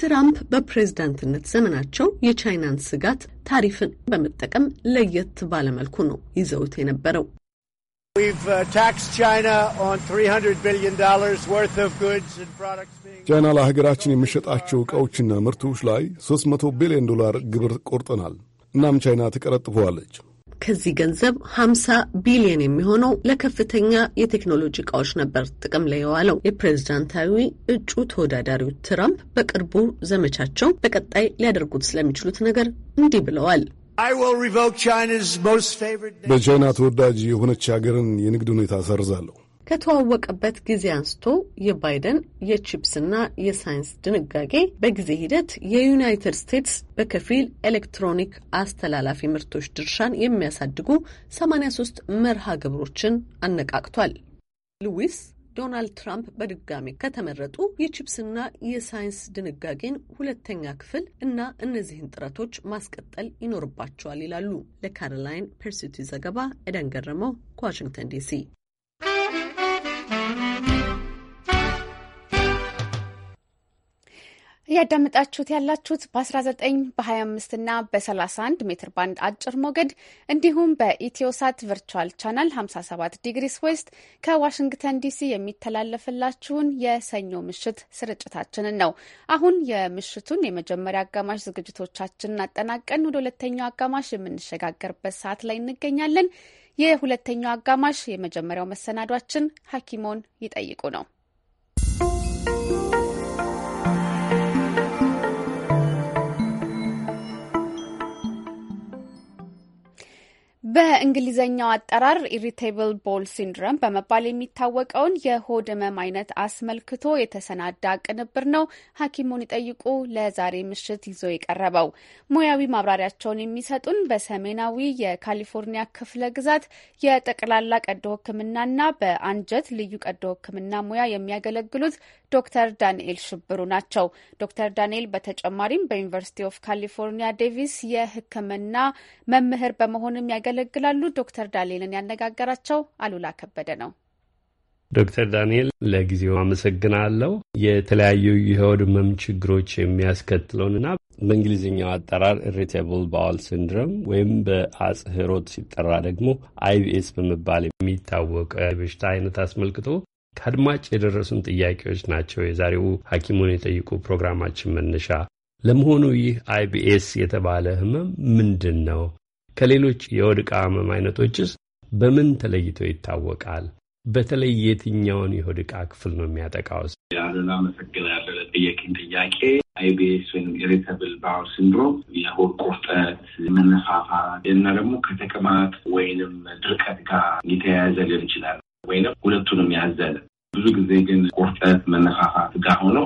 ትራምፕ በፕሬዝዳንትነት ዘመናቸው የቻይናን ስጋት ታሪፍን በመጠቀም ለየት ባለመልኩ ነው ይዘውት የነበረው። uh, ቻይና ለሀገራችን የሚሸጣቸው ዕቃዎችና ምርቶች ላይ 300 ቢሊዮን ዶላር ግብር ቆርጠናል። እናም ቻይና ትቀረጥፈዋለች። ከዚህ ገንዘብ 50 ቢሊዮን የሚሆነው ለከፍተኛ የቴክኖሎጂ እቃዎች ነበር ጥቅም ላይ የዋለው። የፕሬዝዳንታዊ እጩ ተወዳዳሪው ትራምፕ በቅርቡ ዘመቻቸው በቀጣይ ሊያደርጉት ስለሚችሉት ነገር እንዲህ ብለዋል። በቻይና ተወዳጅ የሆነች ሀገርን የንግድ ሁኔታ ሰርዛለሁ። ከተዋወቀበት ጊዜ አንስቶ የባይደን የቺፕስና የሳይንስ ድንጋጌ በጊዜ ሂደት የዩናይትድ ስቴትስ በከፊል ኤሌክትሮኒክ አስተላላፊ ምርቶች ድርሻን የሚያሳድጉ 83 መርሃ ግብሮችን አነቃቅቷል። ሉዊስ ዶናልድ ትራምፕ በድጋሚ ከተመረጡ የቺፕስና የሳይንስ ድንጋጌን ሁለተኛ ክፍል እና እነዚህን ጥረቶች ማስቀጠል ይኖርባቸዋል ይላሉ። ለካሮላይን ፐርሲቲ ዘገባ ኤደን ገረመው ከዋሽንግተን ዲሲ እያዳመጣችሁት ያላችሁት በ19 በ25 እና በ31 ሜትር ባንድ አጭር ሞገድ እንዲሁም በኢትዮሳት ቨርቹዋል ቻናል 57 ዲግሪስ ዌስት ከዋሽንግተን ዲሲ የሚተላለፍላችሁን የሰኞ ምሽት ስርጭታችንን ነው። አሁን የምሽቱን የመጀመሪያ አጋማሽ ዝግጅቶቻችንን አጠናቀን ወደ ሁለተኛው አጋማሽ የምንሸጋገርበት ሰዓት ላይ እንገኛለን። የሁለተኛው አጋማሽ የመጀመሪያው መሰናዷችን ሐኪሞን ይጠይቁ ነው። በእንግሊዘኛው አጠራር ኢሪቴብል ቦል ሲንድረም በመባል የሚታወቀውን የሆድ ህመም አይነት አስመልክቶ የተሰናዳ ቅንብር ነው። ሐኪሙን ይጠይቁ ለዛሬ ምሽት ይዞ የቀረበው ሙያዊ ማብራሪያቸውን የሚሰጡን በሰሜናዊ የካሊፎርኒያ ክፍለ ግዛት የጠቅላላ ቀዶ ሕክምናና በአንጀት ልዩ ቀዶ ህክምና ሙያ የሚያገለግሉት ዶክተር ዳንኤል ሽብሩ ናቸው። ዶክተር ዳንኤል በተጨማሪም በዩኒቨርሲቲ ኦፍ ካሊፎርኒያ ዴቪስ የህክምና መምህር በመሆንም ያገለግሉ ያገለግላሉ። ዶክተር ዳንኤልን ያነጋገራቸው አሉላ ከበደ ነው። ዶክተር ዳንኤል ለጊዜው አመሰግናለሁ። የተለያዩ የሆድ ህመም ችግሮች የሚያስከትለውንና በእንግሊዝኛው አጠራር ኢሪቴብል ባውል ሲንድረም ወይም በአጽህሮት ሲጠራ ደግሞ አይቢኤስ በመባል የሚታወቀ በሽታ አይነት አስመልክቶ ከአድማጭ የደረሱን ጥያቄዎች ናቸው የዛሬው ሐኪሙን የጠይቁ ፕሮግራማችን መነሻ። ለመሆኑ ይህ አይቢኤስ የተባለ ህመም ምንድን ነው? ከሌሎች የወድቃ ህመም አይነቶችስ በምን ተለይቶ ይታወቃል? በተለይ የትኛውን የሆድቃ ክፍል ነው የሚያጠቃው? አሉላ አመሰግናለሁ ለጠየቅን ጥያቄ። አይቢኤስ ወይም ኢሪተብል ባውል ሲንድሮም የሆድ ቁርጠት፣ መነፋፋት እና ደግሞ ከተቅማጥ ወይንም ድርቀት ጋር የተያያዘ ሊሆን ይችላል ወይንም ሁለቱንም ያዘለ። ብዙ ጊዜ ግን ቁርጠት፣ መነፋፋት ጋር ሆኖ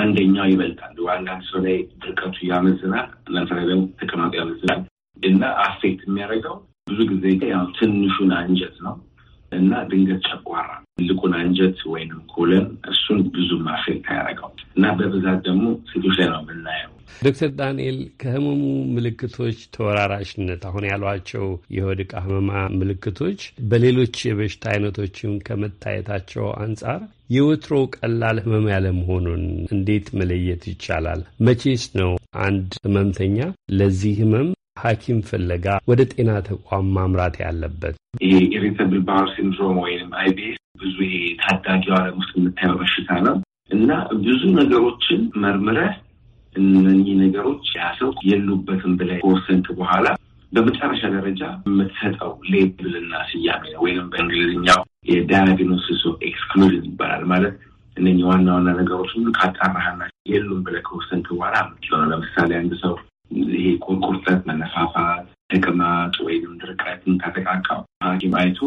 አንደኛው ይበልጣል። አንዳንድ ሰው ላይ ድርቀቱ ያመዝናል፣ ለምሳሌ ደግሞ ተቅማጡ ያመዝናል። እና አፌክት የሚያደርገው ብዙ ጊዜ ያው ትንሹን አንጀት ነው እና ድንገት ጨጓራ ትልቁን አንጀት ወይንም ኮለን እሱን ብዙ አፌክት አያደርገው እና በብዛት ደግሞ ሴቶች ላይ ነው የምናየው። ዶክተር ዳንኤል ከህመሙ ምልክቶች ተወራራሽነት አሁን ያሏቸው የሆድ ዕቃ ህመማ ምልክቶች በሌሎች የበሽታ አይነቶችም ከመታየታቸው አንጻር የወትሮ ቀላል ህመም ያለመሆኑን እንዴት መለየት ይቻላል? መቼስ ነው አንድ ህመምተኛ ለዚህ ህመም ሐኪም ፍለጋ ወደ ጤና ተቋም ማምራት ያለበት? ይህ ኢሪተብል ባር ሲንድሮም ወይም አይቢኤስ ብዙ ይሄ ታዳጊ ዓለም ውስጥ የምታየው በሽታ ነው እና ብዙ ነገሮችን መርምረ እነኚህ ነገሮች ያሰው የሉበትም ብለህ ከወሰንክ በኋላ በመጨረሻ ደረጃ የምትሰጠው ሌብልና ስያሜ ነው ወይም በእንግሊዝኛው የዳያግኖሲስ ኦፍ ኤክስክሉዥን ይባላል። ማለት እነ ዋና ዋና ነገሮች ሁሉ ካጣራህና የሉም ብለ ከወሰንክ በኋላ ለምሳሌ አንድ ሰው ይሄ ቁርጠት፣ መነፋፋት፣ ተቅማጥ ወይም ድርቀትን ከተቃቃው ሐኪም አይቶ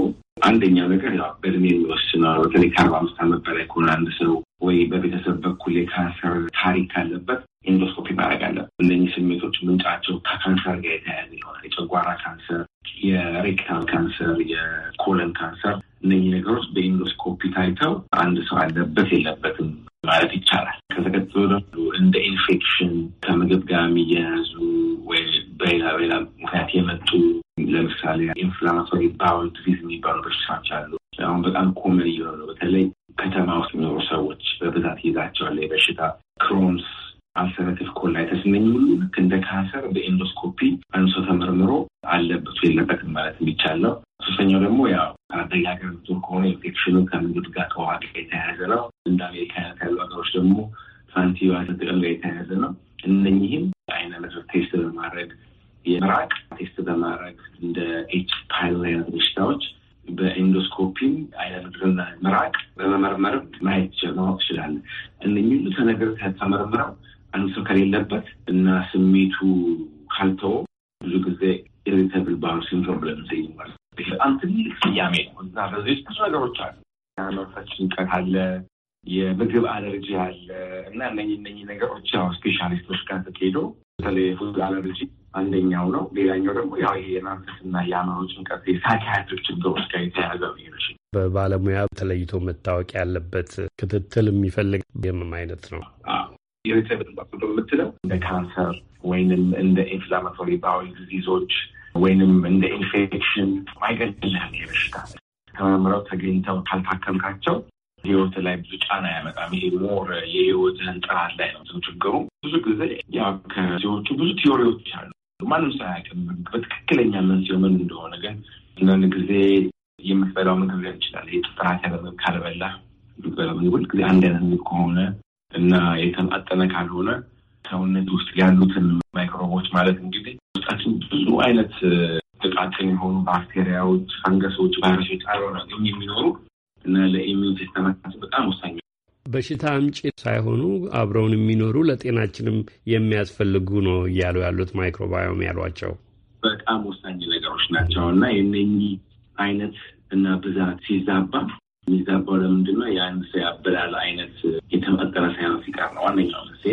አንደኛው ነገር በእድሜ የሚወስነው በተለይ ከአርባ አምስት ዓመት በላይ ከሆነ አንድ ሰው ወይ በቤተሰብ በኩል የካንሰር ታሪክ ካለበት ኢንዶስኮፒ ማድረግ አለበት። እነኚህ ስሜቶች ምንጫቸው ከካንሰር ጋር የተያያዘ ይሆናል። የጨጓራ ካንሰር፣ የሬክታል ካንሰር፣ የኮለን ካንሰር እነኚህ ነገሮች በኢንዶስኮፒ ታይተው አንድ ሰው አለበት የለበትም ማለት ይቻላል። ከዛ ደግሞ እንደ ኢንፌክሽን ከምግብ ጋር የሚያያዙ ወይ በሌላ በሌላ ምክንያት የመጡ ለምሳሌ ኢንፍላማቶሪ ባውል ዲዚዝ የሚባሉ በሽታዎች አሉ። አሁን በጣም ኮመን እየሆኑ በተለይ ከተማ ውስጥ የሚኖሩ ሰዎች በብዛት ይዛቸዋል በሽታ ክሮንስ አልሰርቲቭ ኮላይተስ እነኝ ሁሉ ልክ እንደ ካንሰር በኤንዶስኮፒ አንሶ ተመርምሮ አለበት የለበትም ማለት የሚቻለው ሶስተኛው ደግሞ ያው አራተኛ ሀገር ብዙ ከሆነ ኢንፌክሽኑ ከምግብ ጋር ከውሃ ጋር የተያያዘ ነው። እንደ አሜሪካ ያሉ ሀገሮች ደግሞ ፋንቲ ጥቅም ጋር የተያያዘ ነው። እነኚህም አይነ ምድር ቴስት በማድረግ የምራቅ ቴስት በማድረግ እንደ ኤች ፓይሎሪ አይነት በሽታዎች በኢንዶስኮፒም አይነ ምድርና ምራቅ በመመርመር ማየት ማወቅ ትችላለህ። እነኚህ ሁሉ ተነገር ተመርምረው አንድ ሰው ከሌለበት እና ስሜቱ ካልተወ ብዙ ጊዜ ኢሪተብል ባውል ሲንድሮም ብለን እንሰይማለን። በጣም ትልቅ ስያሜ ነው። እዛ በዚህ ውስጥ ብዙ ነገሮች አሉ። መንፈስ ጭንቀት አለ፣ የምግብ አለርጂ አለ እና እነ እነ ነገሮች ያው ስፔሻሊስቶች ጋር ተካሄዶ በተለይ የፉድ አለርጂ አንደኛው ነው። ሌላኛው ደግሞ ያው ይሄ እና የአእምሮ ጭንቀት የሳይኪያትሪክ ችግሮች ጋር የተያያዘ ነው። በባለሙያ ተለይቶ መታወቅ ያለበት ክትትል የሚፈልግ የምም አይነት ነው። በምትለው እንደ ካንሰር ወይንም እንደ ኢንፍላማቶሪ ባዊ ዲዚዞች ወይንም እንደ ኢንፌክሽን አይገድልህም። የበሽታ በሽታ ተመርምረው ተገኝተው ካልታከምካቸው ህይወት ላይ ብዙ ጫና ያመጣም። ይሄ ሞር የህይወትህን ጥራት ላይ ነው ብዙ ችግሩ። ብዙ ጊዜ ያ ከዚዎቹ ብዙ ቲዎሪዎች አሉ። ማንም ሰው አያውቅም በትክክለኛ መንስኤው ምን እንደሆነ። ግን አንዳንድ ጊዜ የምትበላው ምግብ ሊሆን ይችላል። ጥራት ያለ ምግብ ካልበላ የምትበላው ሁልጊዜ አንድ አይነት ምግብ ከሆነ እና የተመጣጠነ ካልሆነ ሰውነት ውስጥ ያሉትን ማይክሮቦች ማለት እንግዲህ ውስጣችን ብዙ አይነት ጥቃቅን የሆኑ ባክቴሪያዎች፣ ፈንገሶች፣ ቫይረሶች አለው ነገም የሚኖሩ እና ለኢሚዩን ሲስተማችን በጣም ወሳኝ በሽታ አምጪ ሳይሆኑ አብረውን የሚኖሩ ለጤናችንም የሚያስፈልጉ ነው እያሉ ያሉት ማይክሮባዮም ያሏቸው በጣም ወሳኝ ነገሮች ናቸው እና የእነኚህ አይነት እና ብዛት ሲዛባ የሚዛባው ለምንድን ነው? የአንድ ሰው ያበላል አይነት የተመጠነ ሳይሆን ሲቀር ነው ዋነኛው ጊዜ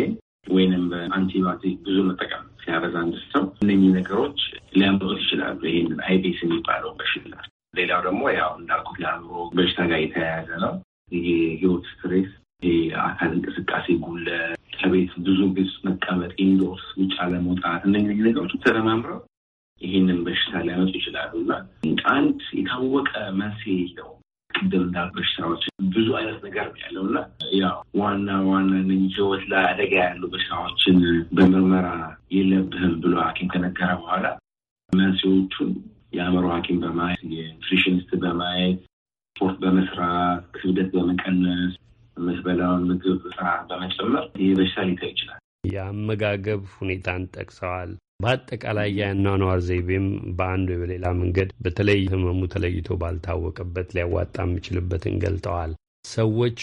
ወይንም አንቲባዮቲክ ብዙ መጠቀም ሲያበዛ አንድ ሰው እነኚህ ነገሮች ሊያመጡት ይችላሉ። ይህን አይቤስ የሚባለው በሽታ። ሌላው ደግሞ ያው እንዳልኩት ለአእምሮ በሽታ ጋር የተያያዘ ነው። የህይወት ስትሬስ፣ የአካል እንቅስቃሴ ጉለት፣ ከቤት ብዙ ግጽ መቀመጥ፣ ኢንዶርስ ውጭ አለመውጣት፣ እነኚህ ነገሮች ተደማምረው ይህንን በሽታ ሊያመጡ ይችላሉ እና አንድ የታወቀ መንስኤ የለውም። ቅድም እንዳልኩሽ ስራዎች ብዙ አይነት ነገር ነው ያለው እና ያው ዋና ዋና ነኝ ህይወት ላይ አደጋ ያሉ በሽታዎችን በምርመራ የለብህም ብሎ ሐኪም ከነገረ በኋላ መንስኤዎቹን የአእምሮ ሐኪም በማየት የኒትሪሽኒስት በማየት ስፖርት በመስራት ክብደት በመቀነስ የምትበላውን ምግብ ስራ በመጨመር ይህ በሽታ ሊተው ይችላል። የአመጋገብ ሁኔታን ጠቅሰዋል። በአጠቃላይ የአኗኗር ዘይቤም ወይ በሌላ መንገድ በተለይ ህመሙ ተለይቶ ባልታወቀበት ሊያዋጣ የሚችልበትን ገልጠዋል። ሰዎች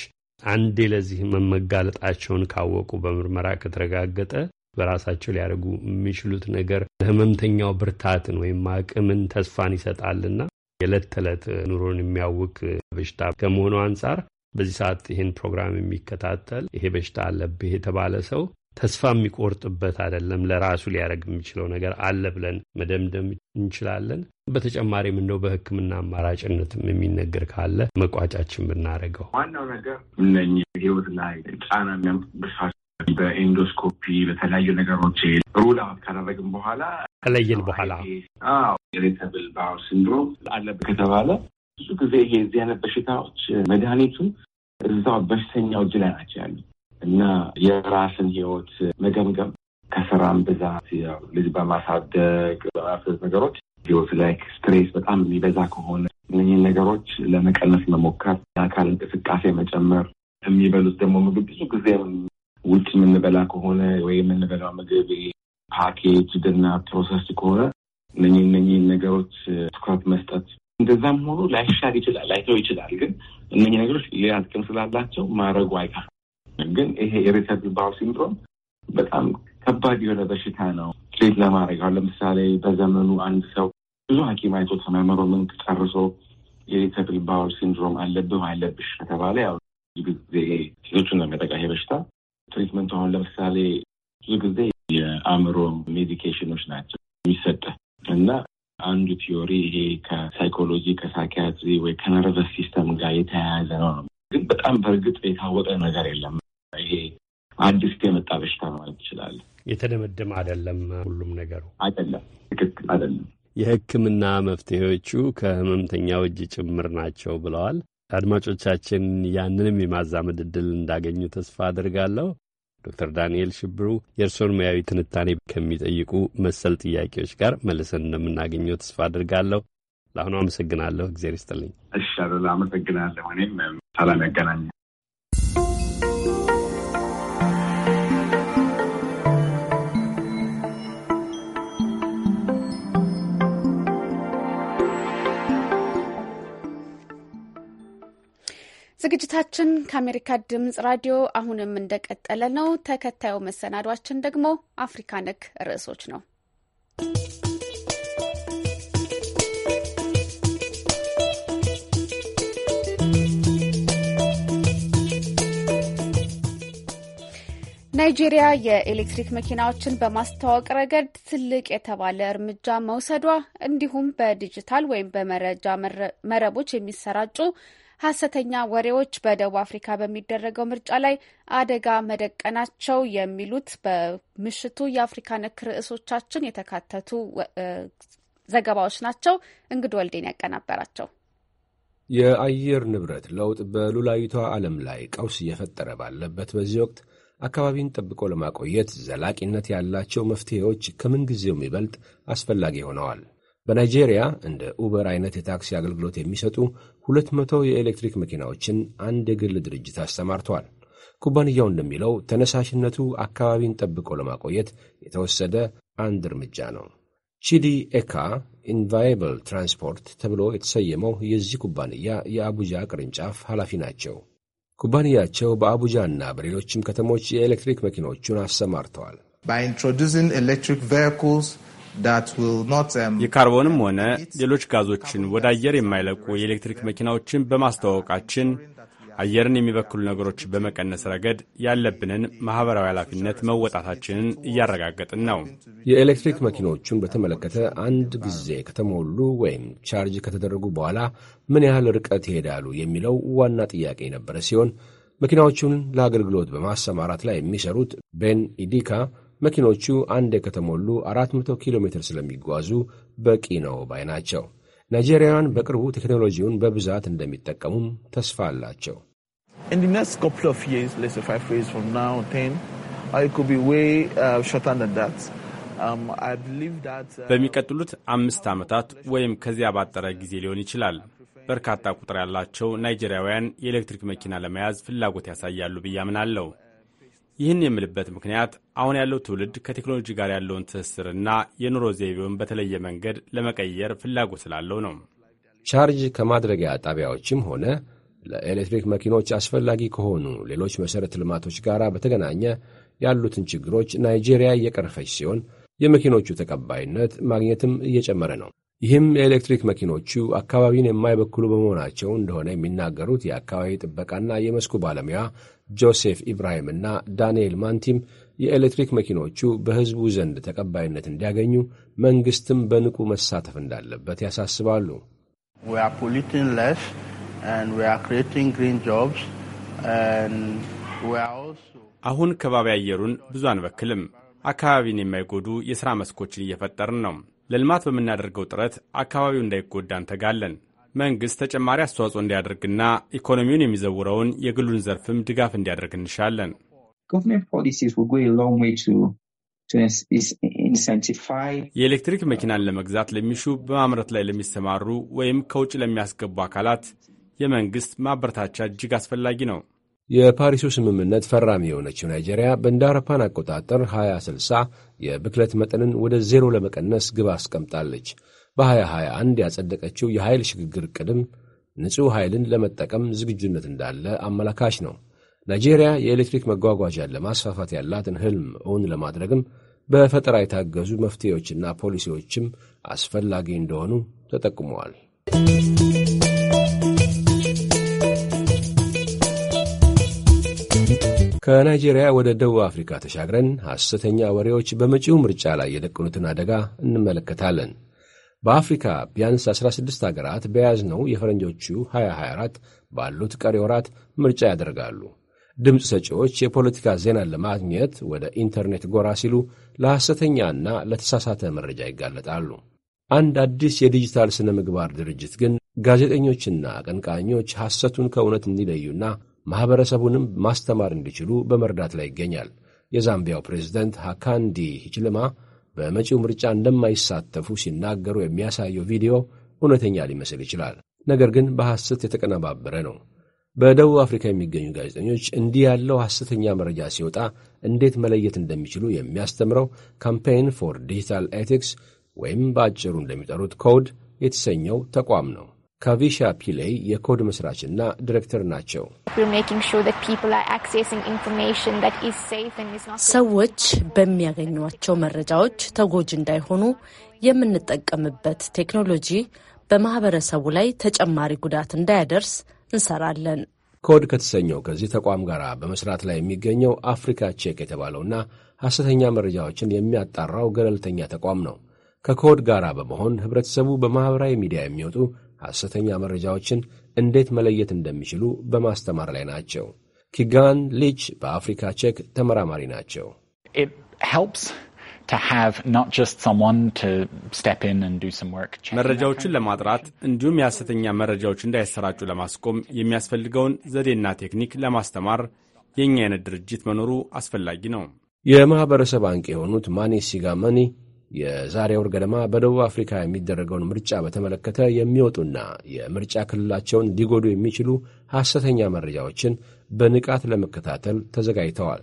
አንዴ ለዚህ ህመም መጋለጣቸውን ካወቁ በምርመራ ከተረጋገጠ በራሳቸው ሊያደርጉ የሚችሉት ነገር ለህመምተኛው ብርታትን ወይም አቅምን ተስፋን ይሰጣልና የዕለት ተዕለት ኑሮን የሚያውቅ በሽታ ከመሆኑ አንጻር በዚህ ሰዓት ይህን ፕሮግራም የሚከታተል ይሄ በሽታ አለብህ የተባለ ሰው ተስፋ የሚቆርጥበት አይደለም። ለራሱ ሊያደርግ የሚችለው ነገር አለ ብለን መደምደም እንችላለን። በተጨማሪም እንደው በሕክምና አማራጭነትም የሚነገር ካለ መቋጫችን ብናደርገው ዋናው ነገር እነኚህ ህይወት ላይ ጫና የሚያምጡብሳቸው በኤንዶስኮፒ በተለያዩ ነገሮች ሩላ ካደረግም በኋላ ከለየን በኋላ ኢሪተብል ባወል ሲንድሮም አለብህ ከተባለ ብዙ ጊዜ ይሄ እዚህ አይነት በሽታዎች መድኃኒቱ እዛው በሽተኛው እጅ ላይ ናቸው ያሉት። እና የራስን ህይወት መገምገም ከስራም ብዛት ያው ልጅ በማሳደግ በማፍረዝ ነገሮች ህይወት ላይ ስትሬስ በጣም የሚበዛ ከሆነ እነኝህን ነገሮች ለመቀነስ መሞከር፣ የአካል እንቅስቃሴ መጨመር፣ የሚበሉት ደግሞ ምግብ ብዙ ጊዜ ውጭ የምንበላ ከሆነ ወይ የምንበላው ምግብ ፓኬጅ ድና ፕሮሰስ ከሆነ እነኝህ እነኝህን ነገሮች ትኩረት መስጠት እንደዛም ሆኖ ላይሻል ይችላል ላይተው ይችላል። ግን እነኝህ ነገሮች ሌላ ጥቅም ስላላቸው ማድረጉ አይቀርም። ግን ይሄ ኢሪተብል ባውል ሲንድሮም በጣም ከባድ የሆነ በሽታ ነው። ትሬት ለማድረግ አሁን ለምሳሌ በዘመኑ አንድ ሰው ብዙ ሐኪም አይቶ ተመርምሮ ምን ጨርሶ ኢሪተብል ባውል ሲንድሮም አለብህ አለብሽ ከተባለ ያው ብዙ ጊዜ ሴቶቹን ነው የሚያጠቃ ይሄ በሽታ። ትሪትመንት አሁን ለምሳሌ ብዙ ጊዜ የአእምሮ ሜዲኬሽኖች ናቸው የሚሰጠ እና አንዱ ቲዮሪ ይሄ ከሳይኮሎጂ ከሳይኪያትሪ ወይ ከነርቨስ ሲስተም ጋር የተያያዘ ነው ነው ግን በጣም በእርግጥ የታወቀ ነገር የለም። ይሄ አዲስ የመጣ በሽታ ነው ማለት ይችላል። የተደመደመ አይደለም። ሁሉም ነገሩ አይደለም፣ ትክክል አይደለም። የሕክምና መፍትሄዎቹ ከህመምተኛው እጅ ጭምር ናቸው ብለዋል። አድማጮቻችን ያንንም የማዛመድ ዕድል እንዳገኙ ተስፋ አድርጋለሁ። ዶክተር ዳንኤል ሽብሩ የእርስዎን ሙያዊ ትንታኔ ከሚጠይቁ መሰል ጥያቄዎች ጋር መልሰን እንደምናገኘው ተስፋ አድርጋለሁ። ለአሁኑ አመሰግናለሁ። እግዜር ይስጥልኝ። እሺ አመሰግናለሁ። እኔም ሰላም ያገናኛል። ዝግጅታችን ከአሜሪካ ድምጽ ራዲዮ አሁንም እንደቀጠለ ነው። ተከታዩ መሰናዷችን ደግሞ አፍሪካ ነክ ርዕሶች ነው። ናይጄሪያ የኤሌክትሪክ መኪናዎችን በማስተዋወቅ ረገድ ትልቅ የተባለ እርምጃ መውሰዷ እንዲሁም በዲጂታል ወይም በመረጃ መረቦች የሚሰራጩ ሀሰተኛ ወሬዎች በደቡብ አፍሪካ በሚደረገው ምርጫ ላይ አደጋ መደቀናቸው የሚሉት በምሽቱ የአፍሪካ ነክ ርዕሶቻችን የተካተቱ ዘገባዎች ናቸው። እንግድ ወልዴን ያቀናበራቸው። የአየር ንብረት ለውጥ በሉላዊቷ ዓለም ላይ ቀውስ እየፈጠረ ባለበት በዚህ ወቅት አካባቢን ጠብቆ ለማቆየት ዘላቂነት ያላቸው መፍትሄዎች ከምንጊዜውም ይበልጥ አስፈላጊ ሆነዋል። በናይጄሪያ እንደ ኡበር አይነት የታክሲ አገልግሎት የሚሰጡ 200 የኤሌክትሪክ መኪናዎችን አንድ የግል ድርጅት አሰማርተዋል። ኩባንያው እንደሚለው ተነሳሽነቱ አካባቢን ጠብቆ ለማቆየት የተወሰደ አንድ እርምጃ ነው። ቺዲ ኤካ ኢንቫይብል ትራንስፖርት ተብሎ የተሰየመው የዚህ ኩባንያ የአቡጃ ቅርንጫፍ ኃላፊ ናቸው። ኩባንያቸው በአቡጃ እና በሌሎችም ከተሞች የኤሌክትሪክ መኪኖቹን አሰማርተዋል። Um, የካርቦንም ሆነ ሌሎች ጋዞችን ወደ አየር የማይለቁ የኤሌክትሪክ መኪናዎችን በማስተዋወቃችን አየርን የሚበክሉ ነገሮች በመቀነስ ረገድ ያለብንን ማኅበራዊ ኃላፊነት መወጣታችንን እያረጋገጥን ነው። የኤሌክትሪክ መኪኖቹን በተመለከተ አንድ ጊዜ ከተሞሉ ወይም ቻርጅ ከተደረጉ በኋላ ምን ያህል ርቀት ይሄዳሉ የሚለው ዋና ጥያቄ የነበረ ሲሆን መኪናዎቹን ለአገልግሎት በማሰማራት ላይ የሚሰሩት ቤን ኢዲካ መኪኖቹ አንድ ከተሞሉ 400 ኪሎ ሜትር ስለሚጓዙ በቂ ነው ባይ ናቸው። ናይጄሪያውያን በቅርቡ ቴክኖሎጂውን በብዛት እንደሚጠቀሙም ተስፋ አላቸው። uh, um, uh, በሚቀጥሉት አምስት ዓመታት ወይም ከዚያ ባጠረ ጊዜ ሊሆን ይችላል በርካታ ቁጥር ያላቸው ናይጄሪያውያን የኤሌክትሪክ መኪና ለመያዝ ፍላጎት ያሳያሉ ብዬ አምናለሁ። ይህን የምልበት ምክንያት አሁን ያለው ትውልድ ከቴክኖሎጂ ጋር ያለውን ትስስርና የኑሮ ዘይቤውን በተለየ መንገድ ለመቀየር ፍላጎት ስላለው ነው። ቻርጅ ከማድረጊያ ጣቢያዎችም ሆነ ለኤሌክትሪክ መኪኖች አስፈላጊ ከሆኑ ሌሎች መሠረተ ልማቶች ጋር በተገናኘ ያሉትን ችግሮች ናይጄሪያ እየቀረፈች ሲሆን የመኪኖቹ ተቀባይነት ማግኘትም እየጨመረ ነው። ይህም የኤሌክትሪክ መኪኖቹ አካባቢን የማይበክሉ በመሆናቸው እንደሆነ የሚናገሩት የአካባቢ ጥበቃና የመስኩ ባለሙያ ጆሴፍ ኢብራሂም እና ዳንኤል ማንቲም የኤሌክትሪክ መኪኖቹ በሕዝቡ ዘንድ ተቀባይነት እንዲያገኙ መንግሥትም በንቁ መሳተፍ እንዳለበት ያሳስባሉ። አሁን ከባቢ አየሩን ብዙ አንበክልም። አካባቢን የማይጎዱ የሥራ መስኮችን እየፈጠርን ነው። ለልማት በምናደርገው ጥረት አካባቢው እንዳይጎዳ እንተጋለን። መንግሥት ተጨማሪ አስተዋጽኦ እንዲያደርግና ኢኮኖሚውን የሚዘውረውን የግሉን ዘርፍም ድጋፍ እንዲያደርግ እንሻለን። የኤሌክትሪክ መኪናን ለመግዛት ለሚሹ በማምረት ላይ ለሚሰማሩ ወይም ከውጭ ለሚያስገቡ አካላት የመንግሥት ማበረታቻ እጅግ አስፈላጊ ነው። የፓሪሱ ስምምነት ፈራሚ የሆነችው ናይጄሪያ እንደ አውሮፓን አቆጣጠር 2060 የብክለት መጠንን ወደ ዜሮ ለመቀነስ ግብ አስቀምጣለች። በ2021 ያጸደቀችው የኃይል ሽግግር ቅድም ንጹሕ ኃይልን ለመጠቀም ዝግጁነት እንዳለ አመላካች ነው። ናይጄሪያ የኤሌክትሪክ መጓጓዣን ለማስፋፋት ያላትን ህልም እውን ለማድረግም በፈጠራ የታገዙ መፍትሄዎችና ፖሊሲዎችም አስፈላጊ እንደሆኑ ተጠቁመዋል። ከናይጄሪያ ወደ ደቡብ አፍሪካ ተሻግረን ሐሰተኛ ወሬዎች በመጪው ምርጫ ላይ የደቀኑትን አደጋ እንመለከታለን። በአፍሪካ ቢያንስ 16 ሀገራት በያዝነው የፈረንጆቹ 2024 ባሉት ቀሪ ወራት ምርጫ ያደርጋሉ። ድምፅ ሰጪዎች የፖለቲካ ዜናን ለማግኘት ወደ ኢንተርኔት ጎራ ሲሉ ለሐሰተኛና ለተሳሳተ መረጃ ይጋለጣሉ። አንድ አዲስ የዲጂታል ሥነ ምግባር ድርጅት ግን ጋዜጠኞችና አቀንቃኞች ሐሰቱን ከእውነት እንዲለዩና ማኅበረሰቡንም ማስተማር እንዲችሉ በመርዳት ላይ ይገኛል። የዛምቢያው ፕሬዝደንት ሃካንዲ ሂችልማ በመጪው ምርጫ እንደማይሳተፉ ሲናገሩ የሚያሳየው ቪዲዮ እውነተኛ ሊመስል ይችላል፣ ነገር ግን በሐሰት የተቀነባበረ ነው። በደቡብ አፍሪካ የሚገኙ ጋዜጠኞች እንዲህ ያለው ሐሰተኛ መረጃ ሲወጣ እንዴት መለየት እንደሚችሉ የሚያስተምረው ካምፔይን ፎር ዲጂታል ኤቲክስ ወይም በአጭሩ እንደሚጠሩት ኮድ የተሰኘው ተቋም ነው። ካቪሻ ፒሌይ የኮድ መስራችና ዲሬክተር ናቸው። ሰዎች በሚያገኟቸው መረጃዎች ተጎጂ እንዳይሆኑ የምንጠቀምበት ቴክኖሎጂ በማህበረሰቡ ላይ ተጨማሪ ጉዳት እንዳያደርስ እንሰራለን። ኮድ ከተሰኘው ከዚህ ተቋም ጋር በመስራት ላይ የሚገኘው አፍሪካ ቼክ የተባለውና ሐሰተኛ መረጃዎችን የሚያጣራው ገለልተኛ ተቋም ነው። ከኮድ ጋር በመሆን ህብረተሰቡ በማኅበራዊ ሚዲያ የሚወጡ ሐሰተኛ መረጃዎችን እንዴት መለየት እንደሚችሉ በማስተማር ላይ ናቸው። ኪጋን ሊች በአፍሪካ ቼክ ተመራማሪ ናቸው። መረጃዎችን ለማጥራት እንዲሁም የሐሰተኛ መረጃዎች እንዳይሰራጩ ለማስቆም የሚያስፈልገውን ዘዴና ቴክኒክ ለማስተማር የእኛ አይነት ድርጅት መኖሩ አስፈላጊ ነው። የማኅበረሰብ አንቂ የሆኑት ማኔ ሲጋመኒ የዛሬ ወር ገደማ በደቡብ አፍሪካ የሚደረገውን ምርጫ በተመለከተ የሚወጡና የምርጫ ክልላቸውን ሊጎዱ የሚችሉ ሐሰተኛ መረጃዎችን በንቃት ለመከታተል ተዘጋጅተዋል።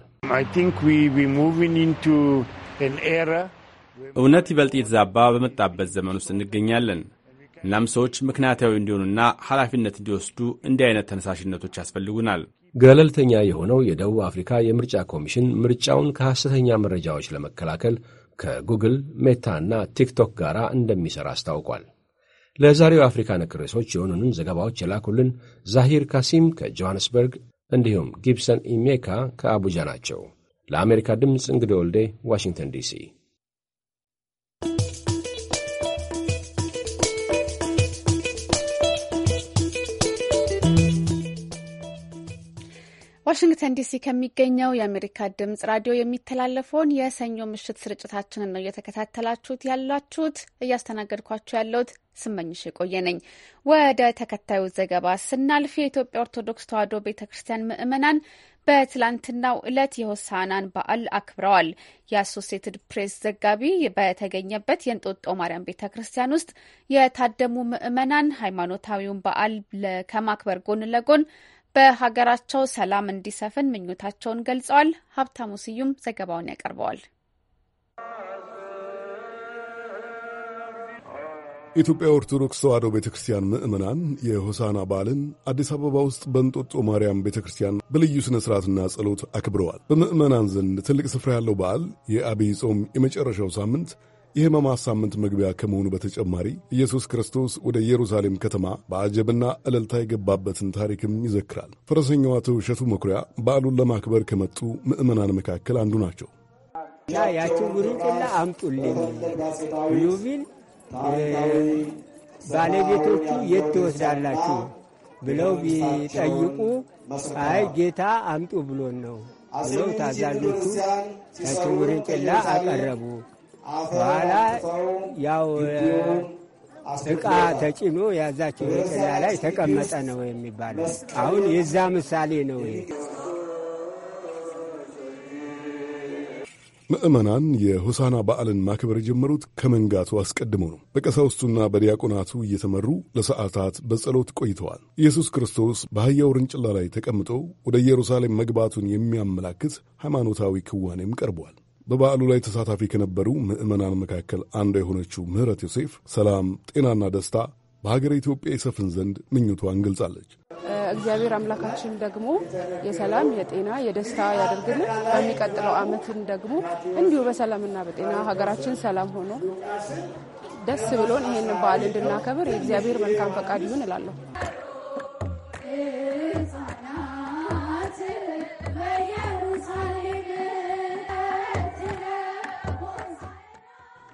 እውነት ይበልጥ የተዛባ በመጣበት ዘመን ውስጥ እንገኛለን። እናም ሰዎች ምክንያታዊ እንዲሆኑና ኃላፊነት እንዲወስዱ እንዲህ አይነት ተነሳሽነቶች ያስፈልጉናል። ገለልተኛ የሆነው የደቡብ አፍሪካ የምርጫ ኮሚሽን ምርጫውን ከሐሰተኛ መረጃዎች ለመከላከል ከጉግል ሜታ እና ቲክቶክ ጋር እንደሚሠራ አስታውቋል። ለዛሬው አፍሪካ ነክ ርዕሶች የሆኑንን ዘገባዎች የላኩልን ዛሂር ካሲም ከጆሐንስበርግ እንዲሁም ጊብሰን ኢሜካ ከአቡጃ ናቸው። ለአሜሪካ ድምፅ እንግዲ ወልዴ ዋሽንግተን ዲሲ ዋሽንግተን ዲሲ ከሚገኘው የአሜሪካ ድምጽ ራዲዮ የሚተላለፈውን የሰኞ ምሽት ስርጭታችንን ነው እየተከታተላችሁት ያላችሁት። እያስተናገድኳችሁ ያለሁት ስመኝሽ የቆየ ነኝ። ወደ ተከታዩ ዘገባ ስናልፍ የኢትዮጵያ ኦርቶዶክስ ተዋሕዶ ቤተ ክርስቲያን ምዕመናን በትላንትናው ዕለት የሆሳናን በዓል አክብረዋል። የአሶሴትድ ፕሬስ ዘጋቢ በተገኘበት የእንጦጦ ማርያም ቤተ ክርስቲያን ውስጥ የታደሙ ምዕመናን ሃይማኖታዊውን በዓል ከማክበር ጎን ለጎን በሀገራቸው ሰላም እንዲሰፍን ምኞታቸውን ገልጸዋል። ሀብታሙ ስዩም ዘገባውን ያቀርበዋል። ኢትዮጵያ ኦርቶዶክስ ተዋሕዶ ቤተ ክርስቲያን ምዕመናን የሆሳና በዓልን አዲስ አበባ ውስጥ በእንጦጦ ማርያም ቤተ ክርስቲያን በልዩ ሥነ ሥርዓትና ጸሎት አክብረዋል። በምዕመናን ዘንድ ትልቅ ስፍራ ያለው በዓል የአብይ ጾም የመጨረሻው ሳምንት የሕማማት ሳምንት መግቢያ ከመሆኑ በተጨማሪ ኢየሱስ ክርስቶስ ወደ ኢየሩሳሌም ከተማ በአጀብና እልልታ የገባበትን ታሪክም ይዘክራል። ፈረሰኛዋ አቶ እሸቱ መኩሪያ በዓሉን ለማክበር ከመጡ ምዕመናን መካከል አንዱ ናቸው። እና ያችን አምጡልኝ ብሎ ቢል ባለቤቶቹ የት ትወስዳላችሁ ብለው ቢጠይቁ አይ ጌታ አምጡ ብሎን ነው ብለው ታዛዦቹ ያችን ጉሪጭላ አቀረቡ። በኋላ ያው እቃ ተጭኖ ያዛችን መኪና ላይ ተቀመጠ ነው የሚባለው። አሁን የዛ ምሳሌ ነው ይሄ። ምዕመናን የሆሳና በዓልን ማክበር የጀመሩት ከመንጋቱ አስቀድሞ ነው። በቀሳውስቱና በዲያቆናቱ እየተመሩ ለሰዓታት በጸሎት ቆይተዋል። ኢየሱስ ክርስቶስ በአህያ ውርንጭላ ላይ ተቀምጦ ወደ ኢየሩሳሌም መግባቱን የሚያመላክት ሃይማኖታዊ ክዋኔም ቀርቧል። በበዓሉ ላይ ተሳታፊ ከነበሩ ምዕመናን መካከል አንዷ የሆነችው ምህረት ዮሴፍ ሰላም፣ ጤናና ደስታ በሀገር ኢትዮጵያ ይሰፍን ዘንድ ምኞቷን ገልጻለች። እግዚአብሔር አምላካችን ደግሞ የሰላም የጤና የደስታ ያደርግልን። በሚቀጥለው ዓመትን ደግሞ እንዲሁ በሰላምና በጤና ሀገራችን ሰላም ሆኖ ደስ ብሎን ይህን በዓል እንድናከብር የእግዚአብሔር መልካም ፈቃድ ይሁን እላለሁ።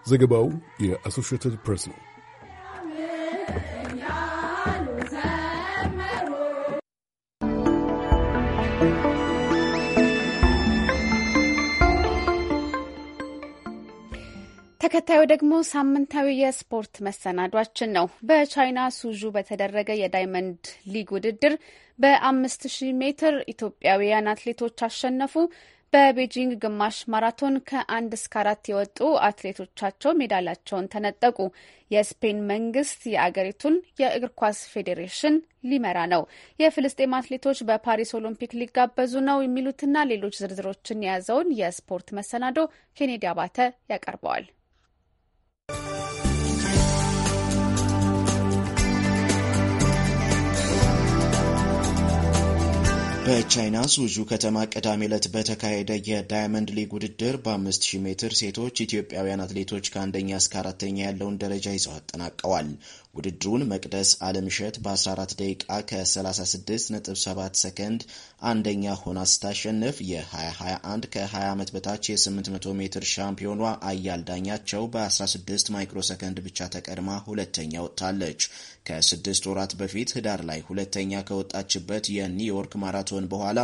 ዘገባው የአሶሽትድ ፕሬስ ነው። ተከታዩ ደግሞ ሳምንታዊ የስፖርት መሰናዷችን ነው። በቻይና ሱዡ በተደረገ የዳይመንድ ሊግ ውድድር በአምስት ሺህ ሜትር ኢትዮጵያውያን አትሌቶች አሸነፉ። በቤጂንግ ግማሽ ማራቶን ከአንድ እስከ አራት የወጡ አትሌቶቻቸው ሜዳሊያቸውን ተነጠቁ። የስፔን መንግስት የአገሪቱን የእግር ኳስ ፌዴሬሽን ሊመራ ነው። የፍልስጤም አትሌቶች በፓሪስ ኦሎምፒክ ሊጋበዙ ነው የሚሉትና ሌሎች ዝርዝሮችን የያዘውን የስፖርት መሰናዶ ኬኔዲ አባተ ያቀርበዋል። በቻይና ሱዙ ከተማ ቅዳሜ ዕለት በተካሄደ የዳይመንድ ሊግ ውድድር በ5000 ሜትር ሴቶች ኢትዮጵያውያን አትሌቶች ከአንደኛ እስከ አራተኛ ያለውን ደረጃ ይዘው አጠናቀዋል። ውድድሩን መቅደስ አለምሸት በ14 ደቂቃ ከ36.7 ሰከንድ አንደኛ ሆና ስታሸንፍ የ2021 ከ20 ዓመት በታች የ800 ሜትር ሻምፒዮኗ አያል ዳኛቸው በ16 ማይክሮ ሰከንድ ብቻ ተቀድማ ሁለተኛ ወጥታለች። ከስድስት ወራት በፊት ህዳር ላይ ሁለተኛ ከወጣችበት የኒውዮርክ ማራቶን በኋላ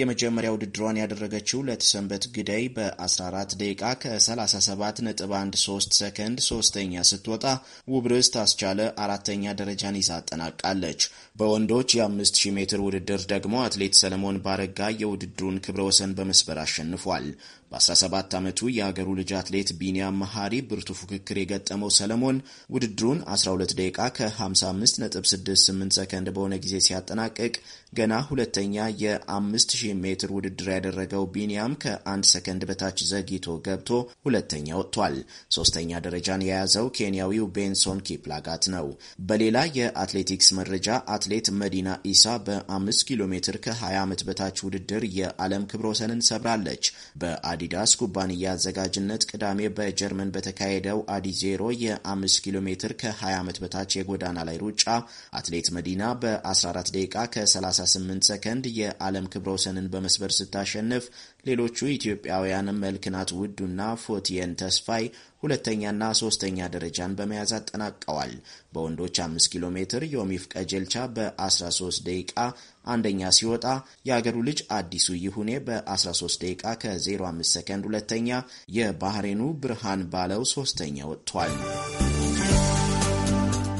የመጀመሪያ ውድድሯን ያደረገችው ለተሰንበት ግዳይ በ14 ደቂቃ ከ37.13 ሰከንድ ሶስተኛ ስትወጣ ውብርስ ታስቻለ አራተኛ ደረጃን ይዛ አጠናቃለች። በወንዶች የ ሺህ ሜትር ውድድር ደግሞ አትሌት ሰለሞን ባረጋ የውድድሩን ክብረ ወሰን በመስበር አሸንፏል። በ17 ዓመቱ የአገሩ ልጅ አትሌት ቢኒያም መሐሪ ብርቱ ፉክክር የገጠመው ሰለሞን ውድድሩን 12 ደቂቃ ከ55.68 ሰከንድ በሆነ ጊዜ ሲያጠናቅቅ ገና ሁለተኛ የ5000 ሜትር ውድድር ያደረገው ቢኒያም ከአንድ ሰከንድ በታች ዘግይቶ ገብቶ ሁለተኛ ወጥቷል። ሶስተኛ ደረጃን የያዘው ኬንያዊው ቤንሶን ኪፕላጋት ነው። በሌላ የአትሌቲክስ መረጃ አትሌት መዲና ኢሳ በ5 ኪሎ ሜትር ከ20 ዓመት በታች ውድድር የዓለም ክብረ ወሰንን ሰብራለች። አዲዳስ ኩባንያ አዘጋጅነት ቅዳሜ በጀርመን በተካሄደው ዜሮ የ5 ኪሎ ሜትር ከ20 ዓመት በታች የጎዳና ላይ ሩጫ አትሌት መዲና በ14 ደቂቃ ከ38 ሰከንድ የዓለም ክብረ ወሰንን በመስበር ስታሸንፍ ሌሎቹ ኢትዮጵያውያን መልክናት ውዱና ፎቲየን ተስፋይ ሁለተኛና ሶስተኛ ደረጃን በመያዝ አጠናቀዋል። በወንዶች 5 ኪሎ ሜትር ዮሚፍ ቀጀልቻ በ13 ደቂቃ አንደኛ ሲወጣ የአገሩ ልጅ አዲሱ ይሁኔ በ13 ደቂቃ ከ05 ሰከንድ ሁለተኛ፣ የባህሬኑ ብርሃን ባለው ሶስተኛ ወጥቷል።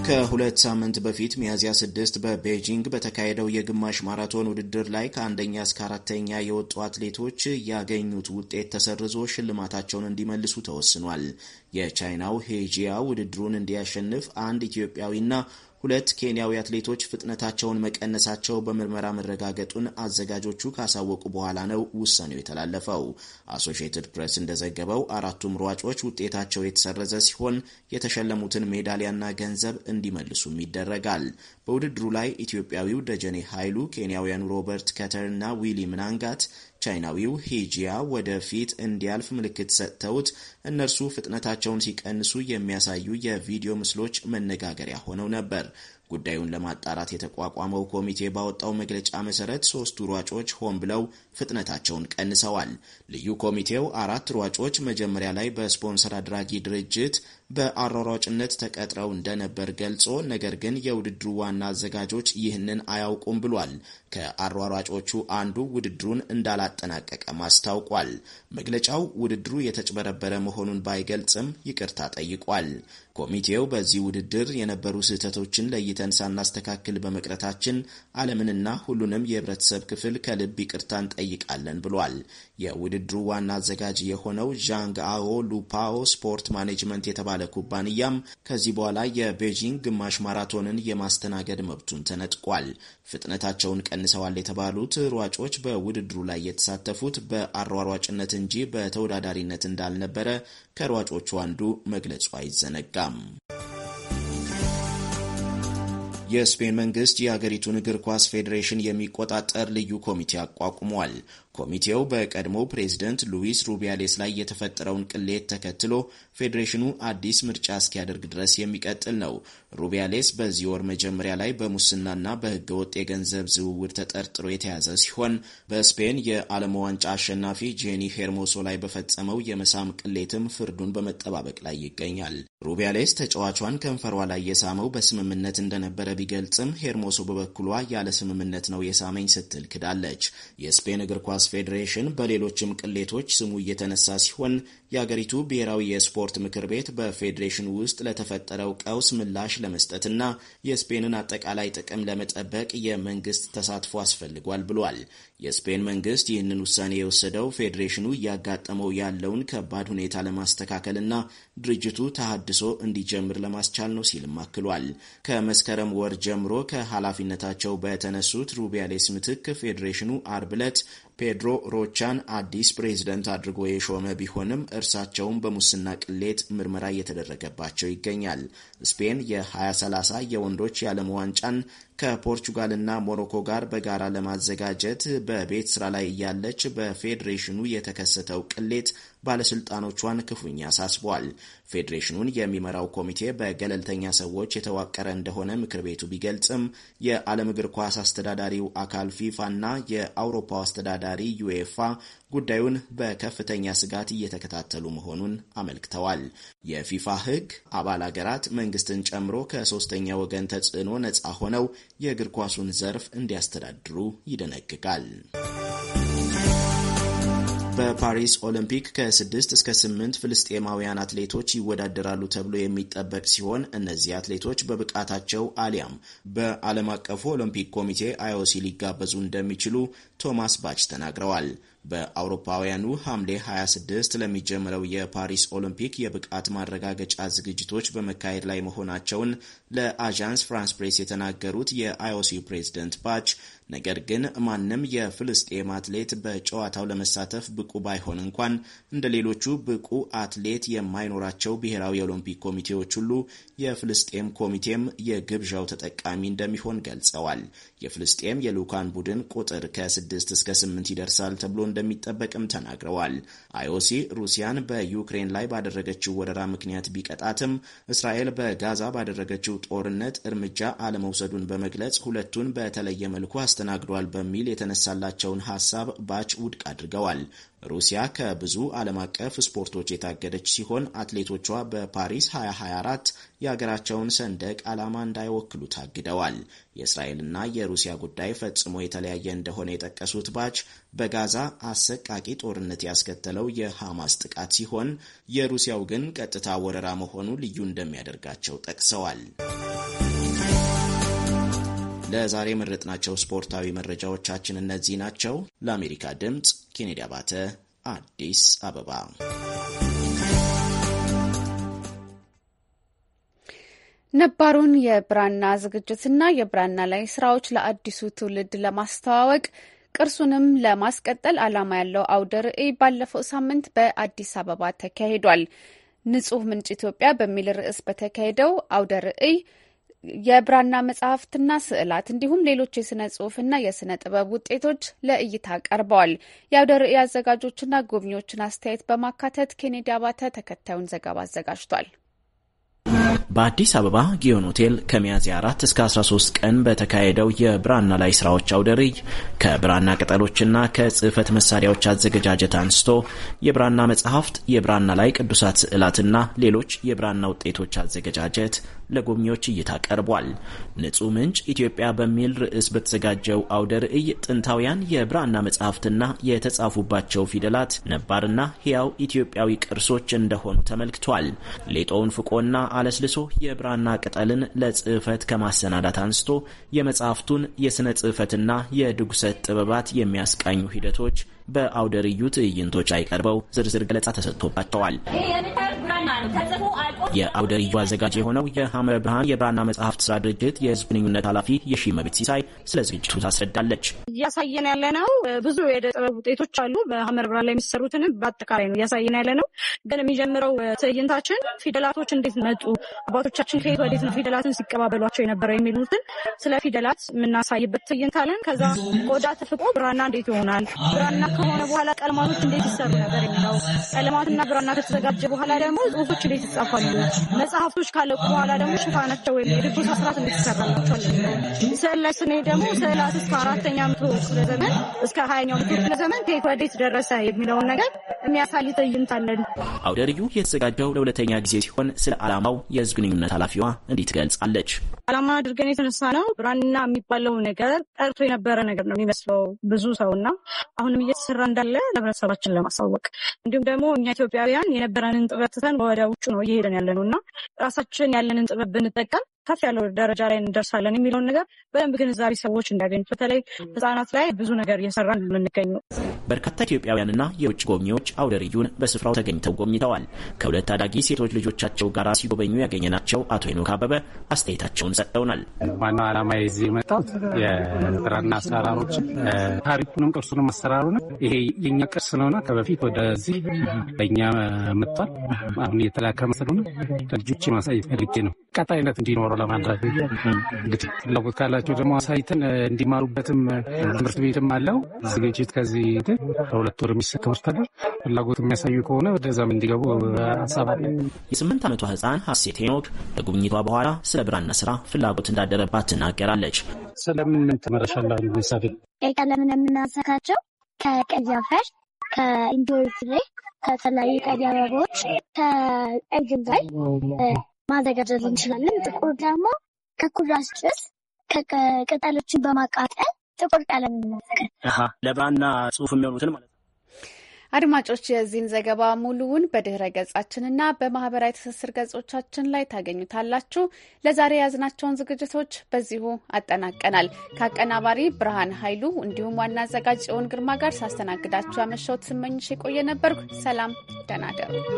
ከሁለት ሳምንት በፊት ሚያዝያ ስድስት በቤጂንግ በተካሄደው የግማሽ ማራቶን ውድድር ላይ ከአንደኛ እስከ አራተኛ የወጡ አትሌቶች ያገኙት ውጤት ተሰርዞ ሽልማታቸውን እንዲመልሱ ተወስኗል። የቻይናው ሄጂያ ውድድሩን እንዲያሸንፍ አንድ ኢትዮጵያዊና ሁለት ኬንያዊ አትሌቶች ፍጥነታቸውን መቀነሳቸው በምርመራ መረጋገጡን አዘጋጆቹ ካሳወቁ በኋላ ነው ውሳኔው የተላለፈው። አሶሺየትድ ፕሬስ እንደዘገበው አራቱም ሯጮች ውጤታቸው የተሰረዘ ሲሆን የተሸለሙትን ሜዳሊያና ገንዘብ እንዲመልሱም ይደረጋል። በውድድሩ ላይ ኢትዮጵያዊው ደጀኔ ኃይሉ፣ ኬንያውያኑ ሮበርት ና ዊሊ ምናንጋት ቻይናዊው ሂጂያ ወደፊት እንዲያልፍ ምልክት ሰጥተውት እነርሱ ፍጥነታቸውን ሲቀንሱ የሚያሳዩ የቪዲዮ ምስሎች መነጋገሪያ ሆነው ነበር። ጉዳዩን ለማጣራት የተቋቋመው ኮሚቴ ባወጣው መግለጫ መሰረት ሶስቱ ሯጮች ሆን ብለው ፍጥነታቸውን ቀንሰዋል። ልዩ ኮሚቴው አራት ሯጮች መጀመሪያ ላይ በስፖንሰር አድራጊ ድርጅት በአሯሯጭነት ተቀጥረው እንደነበር ገልጾ ነገር ግን የውድድሩ ዋና አዘጋጆች ይህንን አያውቁም ብሏል። ከአሯሯጮቹ አንዱ ውድድሩን እንዳላጠናቀቀም አስታውቋል። መግለጫው ውድድሩ የተጭበረበረ መሆኑን ባይገልጽም ይቅርታ ጠይቋል። ኮሚቴው በዚህ ውድድር የነበሩ ስህተቶችን ለይተን ሳናስተካክል በመቅረታችን ዓለምንና ሁሉንም የህብረተሰብ ክፍል ከልብ ይቅርታን እንጠይቃለን ብሏል። የውድድሩ ዋና አዘጋጅ የሆነው አዎ ሉፓዎ ስፖርት ማኔጅመንት የተባለ ኩባንያም ከዚህ በኋላ የቤጂንግ ግማሽ ማራቶንን የማስተናገድ መብቱን ተነጥቋል። ፍጥነታቸውን ቀንሰዋል የተባሉት ሯጮች በውድድሩ ላይ የተሳተፉት በአሯሯጭነት እንጂ በተወዳዳሪነት እንዳልነበረ ከሯጮቹ አንዱ መግለጹ አይዘነጋም። የስፔን መንግስት የአገሪቱን እግር ኳስ ፌዴሬሽን የሚቆጣጠር ልዩ ኮሚቴ አቋቁሟል። ኮሚቴው በቀድሞ ፕሬዝደንት ሉዊስ ሩቢያሌስ ላይ የተፈጠረውን ቅሌት ተከትሎ ፌዴሬሽኑ አዲስ ምርጫ እስኪያደርግ ድረስ የሚቀጥል ነው። ሩቢያሌስ በዚህ ወር መጀመሪያ ላይ በሙስናና በሕገ ወጥ የገንዘብ ዝውውር ተጠርጥሮ የተያዘ ሲሆን በስፔን የዓለም ዋንጫ አሸናፊ ጄኒ ሄርሞሶ ላይ በፈጸመው የመሳም ቅሌትም ፍርዱን በመጠባበቅ ላይ ይገኛል። ሩቢያሌስ ተጫዋቿን ከንፈሯ ላይ የሳመው በስምምነት እንደነበረ ቢገልጽም ሄርሞሶ በበኩሏ ያለ ስምምነት ነው የሳመኝ ስትል ክዳለች። የስፔን እግር ኳስ ኳስ ፌዴሬሽን በሌሎችም ቅሌቶች ስሙ እየተነሳ ሲሆን የአገሪቱ ብሔራዊ የስፖርት ምክር ቤት በፌዴሬሽን ውስጥ ለተፈጠረው ቀውስ ምላሽ ለመስጠትና የስፔንን አጠቃላይ ጥቅም ለመጠበቅ የመንግስት ተሳትፎ አስፈልጓል ብሏል። የስፔን መንግስት ይህንን ውሳኔ የወሰደው ፌዴሬሽኑ እያጋጠመው ያለውን ከባድ ሁኔታ ለማስተካከልና ድርጅቱ ተሃድሶ እንዲጀምር ለማስቻል ነው ሲልም አክሏል። ከመስከረም ወር ጀምሮ ከኃላፊነታቸው በተነሱት ሩቢያሌስ ምትክ ፌዴሬሽኑ አርብ ዕለት ፔድሮ ሮቻን አዲስ ፕሬዝደንት አድርጎ የሾመ ቢሆንም እርሳቸውም በሙስና ቅሌት ምርመራ እየተደረገባቸው ይገኛል። ስፔን የ2030 የወንዶች የዓለም ዋንጫን ከፖርቹጋልና ሞሮኮ ጋር በጋራ ለማዘጋጀት በቤት ስራ ላይ እያለች በፌዴሬሽኑ የተከሰተው ቅሌት ባለስልጣኖቿን ክፉኛ አሳስቧል። ፌዴሬሽኑን የሚመራው ኮሚቴ በገለልተኛ ሰዎች የተዋቀረ እንደሆነ ምክር ቤቱ ቢገልጽም የዓለም እግር ኳስ አስተዳዳሪው አካል ፊፋና የአውሮፓው አስተዳዳሪ ዩኤፋ ጉዳዩን በከፍተኛ ስጋት እየተከታተሉ መሆኑን አመልክተዋል። የፊፋ ሕግ አባል አገራት መንግስትን ጨምሮ ከሶስተኛ ወገን ተጽዕኖ ነጻ ሆነው የእግር ኳሱን ዘርፍ እንዲያስተዳድሩ ይደነግጋል። በፓሪስ ኦሎምፒክ ከስድስት እስከ 8 ፍልስጤማውያን አትሌቶች ይወዳደራሉ ተብሎ የሚጠበቅ ሲሆን እነዚህ አትሌቶች በብቃታቸው አሊያም በዓለም አቀፉ ኦሎምፒክ ኮሚቴ አይኦሲ ሊጋበዙ እንደሚችሉ ቶማስ ባች ተናግረዋል። በአውሮፓውያኑ ሐምሌ 26 ለሚጀምረው የፓሪስ ኦሎምፒክ የብቃት ማረጋገጫ ዝግጅቶች በመካሄድ ላይ መሆናቸውን ለአዣንስ ፍራንስ ፕሬስ የተናገሩት የአይኦሲ ፕሬዝደንት ባች ነገር ግን ማንም የፍልስጤም አትሌት በጨዋታው ለመሳተፍ ብቁ ባይሆን እንኳን እንደ ሌሎቹ ብቁ አትሌት የማይኖራቸው ብሔራዊ የኦሎምፒክ ኮሚቴዎች ሁሉ የፍልስጤም ኮሚቴም የግብዣው ተጠቃሚ እንደሚሆን ገልጸዋል። የፍልስጤም የልዑካን ቡድን ቁጥር ከ ከ6 እስከ 8 ይደርሳል ተብሎ እንደሚጠበቅም ተናግረዋል። አይኦሲ ሩሲያን በዩክሬን ላይ ባደረገችው ወረራ ምክንያት ቢቀጣትም እስራኤል በጋዛ ባደረገችው ጦርነት እርምጃ አለመውሰዱን በመግለጽ ሁለቱን በተለየ መልኩ አስተናግዷል በሚል የተነሳላቸውን ሀሳብ ባች ውድቅ አድርገዋል። ሩሲያ ከብዙ ዓለም አቀፍ ስፖርቶች የታገደች ሲሆን አትሌቶቿ በፓሪስ 2024 የሀገራቸውን ሰንደቅ ዓላማ እንዳይወክሉ ታግደዋል። የእስራኤልና የሩሲያ ጉዳይ ፈጽሞ የተለያየ እንደሆነ የጠቀሱት ባች በጋዛ አሰቃቂ ጦርነት ያስከተለው የሐማስ ጥቃት ሲሆን የሩሲያው ግን ቀጥታ ወረራ መሆኑ ልዩ እንደሚያደርጋቸው ጠቅሰዋል። ለዛሬ የመረጥናቸው ስፖርታዊ መረጃዎቻችን እነዚህ ናቸው። ለአሜሪካ ድምፅ ኬኔዲ አባተ፣ አዲስ አበባ። ነባሩን የብራና ዝግጅትና የብራና ላይ ስራዎች ለአዲሱ ትውልድ ለማስተዋወቅ ቅርሱንም ለማስቀጠል ዓላማ ያለው አውደ ርዕይ ባለፈው ሳምንት በአዲስ አበባ ተካሂዷል። ንጹህ ምንጭ ኢትዮጵያ በሚል ርዕስ በተካሄደው አውደ ርዕይ የብራና መጽሐፍትና ስዕላት እንዲሁም ሌሎች የስነ ጽሁፍና የስነ ጥበብ ውጤቶች ለእይታ ቀርበዋል። የአውደ ርዕይ አዘጋጆችና ጎብኚዎችን አስተያየት በማካተት ኬኔዲ አባተ ተከታዩን ዘገባ አዘጋጅቷል። በአዲስ አበባ ጊዮን ሆቴል ከሚያዝያ 4 እስከ 13 ቀን በተካሄደው የብራና ላይ ስራዎች አውደ ርዕይ ከብራና ቅጠሎችና ከጽህፈት መሳሪያዎች አዘገጃጀት አንስቶ የብራና መጽሐፍት፣ የብራና ላይ ቅዱሳት ስዕላትና ሌሎች የብራና ውጤቶች አዘገጃጀት ለጎብኚዎች እይታ ቀርቧል። ንጹህ ምንጭ ኢትዮጵያ በሚል ርዕስ በተዘጋጀው አውደ ርዕይ ጥንታውያን የብራና መጽሐፍትና የተጻፉባቸው ፊደላት ነባርና ሕያው ኢትዮጵያዊ ቅርሶች እንደሆኑ ተመልክቷል። ሌጦውን ፍቆና አለስልሶ የብራና ቅጠልን ለጽህፈት ከማሰናዳት አንስቶ የመጽሐፍቱን የሥነ ጽህፈትና የድጉሰት ጥበባት የሚያስቃኙ ሂደቶች በአውደ ርዕዩ ትዕይንቶች አይቀርበው ዝርዝር ገለጻ ተሰጥቶባቸዋል። የአውደ ርዕዩ አዘጋጅ የሆነው የሐመረ ብርሃን የብራና መጽሐፍት ስራ ድርጅት የህዝብ ግንኙነት ኃላፊ የሺመቤት ሲሳይ ስለ ዝግጅቱ ታስረዳለች። እያሳየን ያለ ነው ብዙ የዕደ ጥበብ ውጤቶች አሉ። በሐመረ ብርሃን ላይ የሚሰሩትንም በአጠቃላይ ነው እያሳየን ያለ ነው። ግን የሚጀምረው ትዕይንታችን ፊደላቶች እንዴት መጡ፣ አባቶቻችን ከየት ወዴት ነው ፊደላትን ሲቀባበሏቸው የነበረው የሚሉትን ስለ ፊደላት የምናሳይበት ትዕይንት አለን። ከዛ ቆዳ ተፍቆ ብራና እንዴት ይሆናል፣ ብራና ከሆነ በኋላ ቀለማቶች እንዴት ይሰሩ ነበር የሚለው ቀለማትና ብራና ከተዘጋጀ በኋላ ደግሞ ጽሁፎች እንዴት ይጻፋሉ፣ መጽሐፍቶች ካለቁ በኋላ ደግሞ ሽፋናቸው ወይም የድጎስ አስራት እንዴት ይሰራላቸዋል። ስዕል ላይ ስንሄድ ደግሞ ስዕላት እስከ አራተኛ መቶ ክፍለ ዘመን እስከ ሀያኛው መቶ ክፍለ ዘመን ከየት ወዴት ደረሰ የሚለውን ነገር የሚያሳይ ትዕይንት አለን። አውደ ርዕዩ የተዘጋጀው ለሁለተኛ ጊዜ ሲሆን ስለ ዓላማው የህዝብ ግንኙነት ኃላፊዋ እንዲህ ትገልጻለች። ዓላማ አድርገን የተነሳ ነው ብራና የሚባለው ነገር ቀርቶ የነበረ ነገር ነው የሚመስለው ብዙ ሰውና አሁንም እየተሰራ እንዳለ ለህብረተሰባችን ለማሳወቅ እንዲሁም ደግሞ እኛ ኢትዮጵያውያን የነበረንን ጥበብ ትተን ወደ ውጭ ነው እየሄደን ያለ ነው እና ራሳችን ያለንን ጥበብ ብንጠቀም ከፍ ያለው ደረጃ ላይ እንደርሳለን የሚለውን ነገር በደንብ ግንዛቤ ሰዎች እንዲያገኙት በተለይ ህጻናት ላይ ብዙ ነገር እየሰራ የምንገኙ በርካታ ኢትዮጵያውያንና የውጭ ጎብኚዎች አውደ ርዕዩን በስፍራው ተገኝተው ጎብኝተዋል። ከሁለት አዳጊ ሴቶች ልጆቻቸው ጋር ሲጎበኙ ያገኘናቸው አቶ ሄኖክ አበበ አስተያየታቸውን ሰጥተውናል። ዋናው ዓላማ የዚህ የመጣሁት የጥራና አሰራሮች ታሪኩንም ቅርሱንም አሰራሩንም ይሄ የኛ ቅርስ ነውና ከበፊት ወደዚህ ለእኛ መጥቷል። አሁን እየተላከ መስሉን ልጆች ማሳየት ፈልጌ ነው ቀጣይነት እንዲኖረ ለማድረግ እንግዲህ ፍላጎት ካላቸው ደግሞ አሳይተን እንዲማሩበትም ትምህርት ቤትም አለው ዝግጅት። ከዚህ ለሁለት ወር የሚሰጥ ትምህርት አለ። ፍላጎት የሚያሳዩ ከሆነ ወደዛም እንዲገቡ ሀሳብ አለ። የስምንት ዓመቷ ህፃን ሀሴት ሄኖክ ከጉብኝቷ በኋላ ስለ ብራና ስራ ፍላጎት እንዳደረባት ትናገራለች። ስለምን ተመረሻላ ሳቤ ቀለምን የምናሰካቸው ከቀይ አፈር ከኢንዶር ፍሬ ከተለያዩ ቀይ አበቦች ከእጅም ላይ ማዘጋጀት እንችላለን። ጥቁር ደግሞ ከኩራዝ ጭስ ከቅጠሎችን በማቃጠል ጥቁር ቀለም ለብራና ጽሁፍ የሚሆኑትን ማለት ነው። አድማጮች የዚህን ዘገባ ሙሉውን በድህረ ገጻችንና በማህበራዊ ትስስር ገጾቻችን ላይ ታገኙታላችሁ። ለዛሬ የያዝናቸውን ዝግጅቶች በዚሁ አጠናቀናል። ከአቀናባሪ ብርሃን ኃይሉ እንዲሁም ዋና አዘጋጅ ጽዮን ግርማ ጋር ሳስተናግዳችሁ ያመሸሁት ስመኝሽ የቆየ ነበርኩ። ሰላም ደናደሩ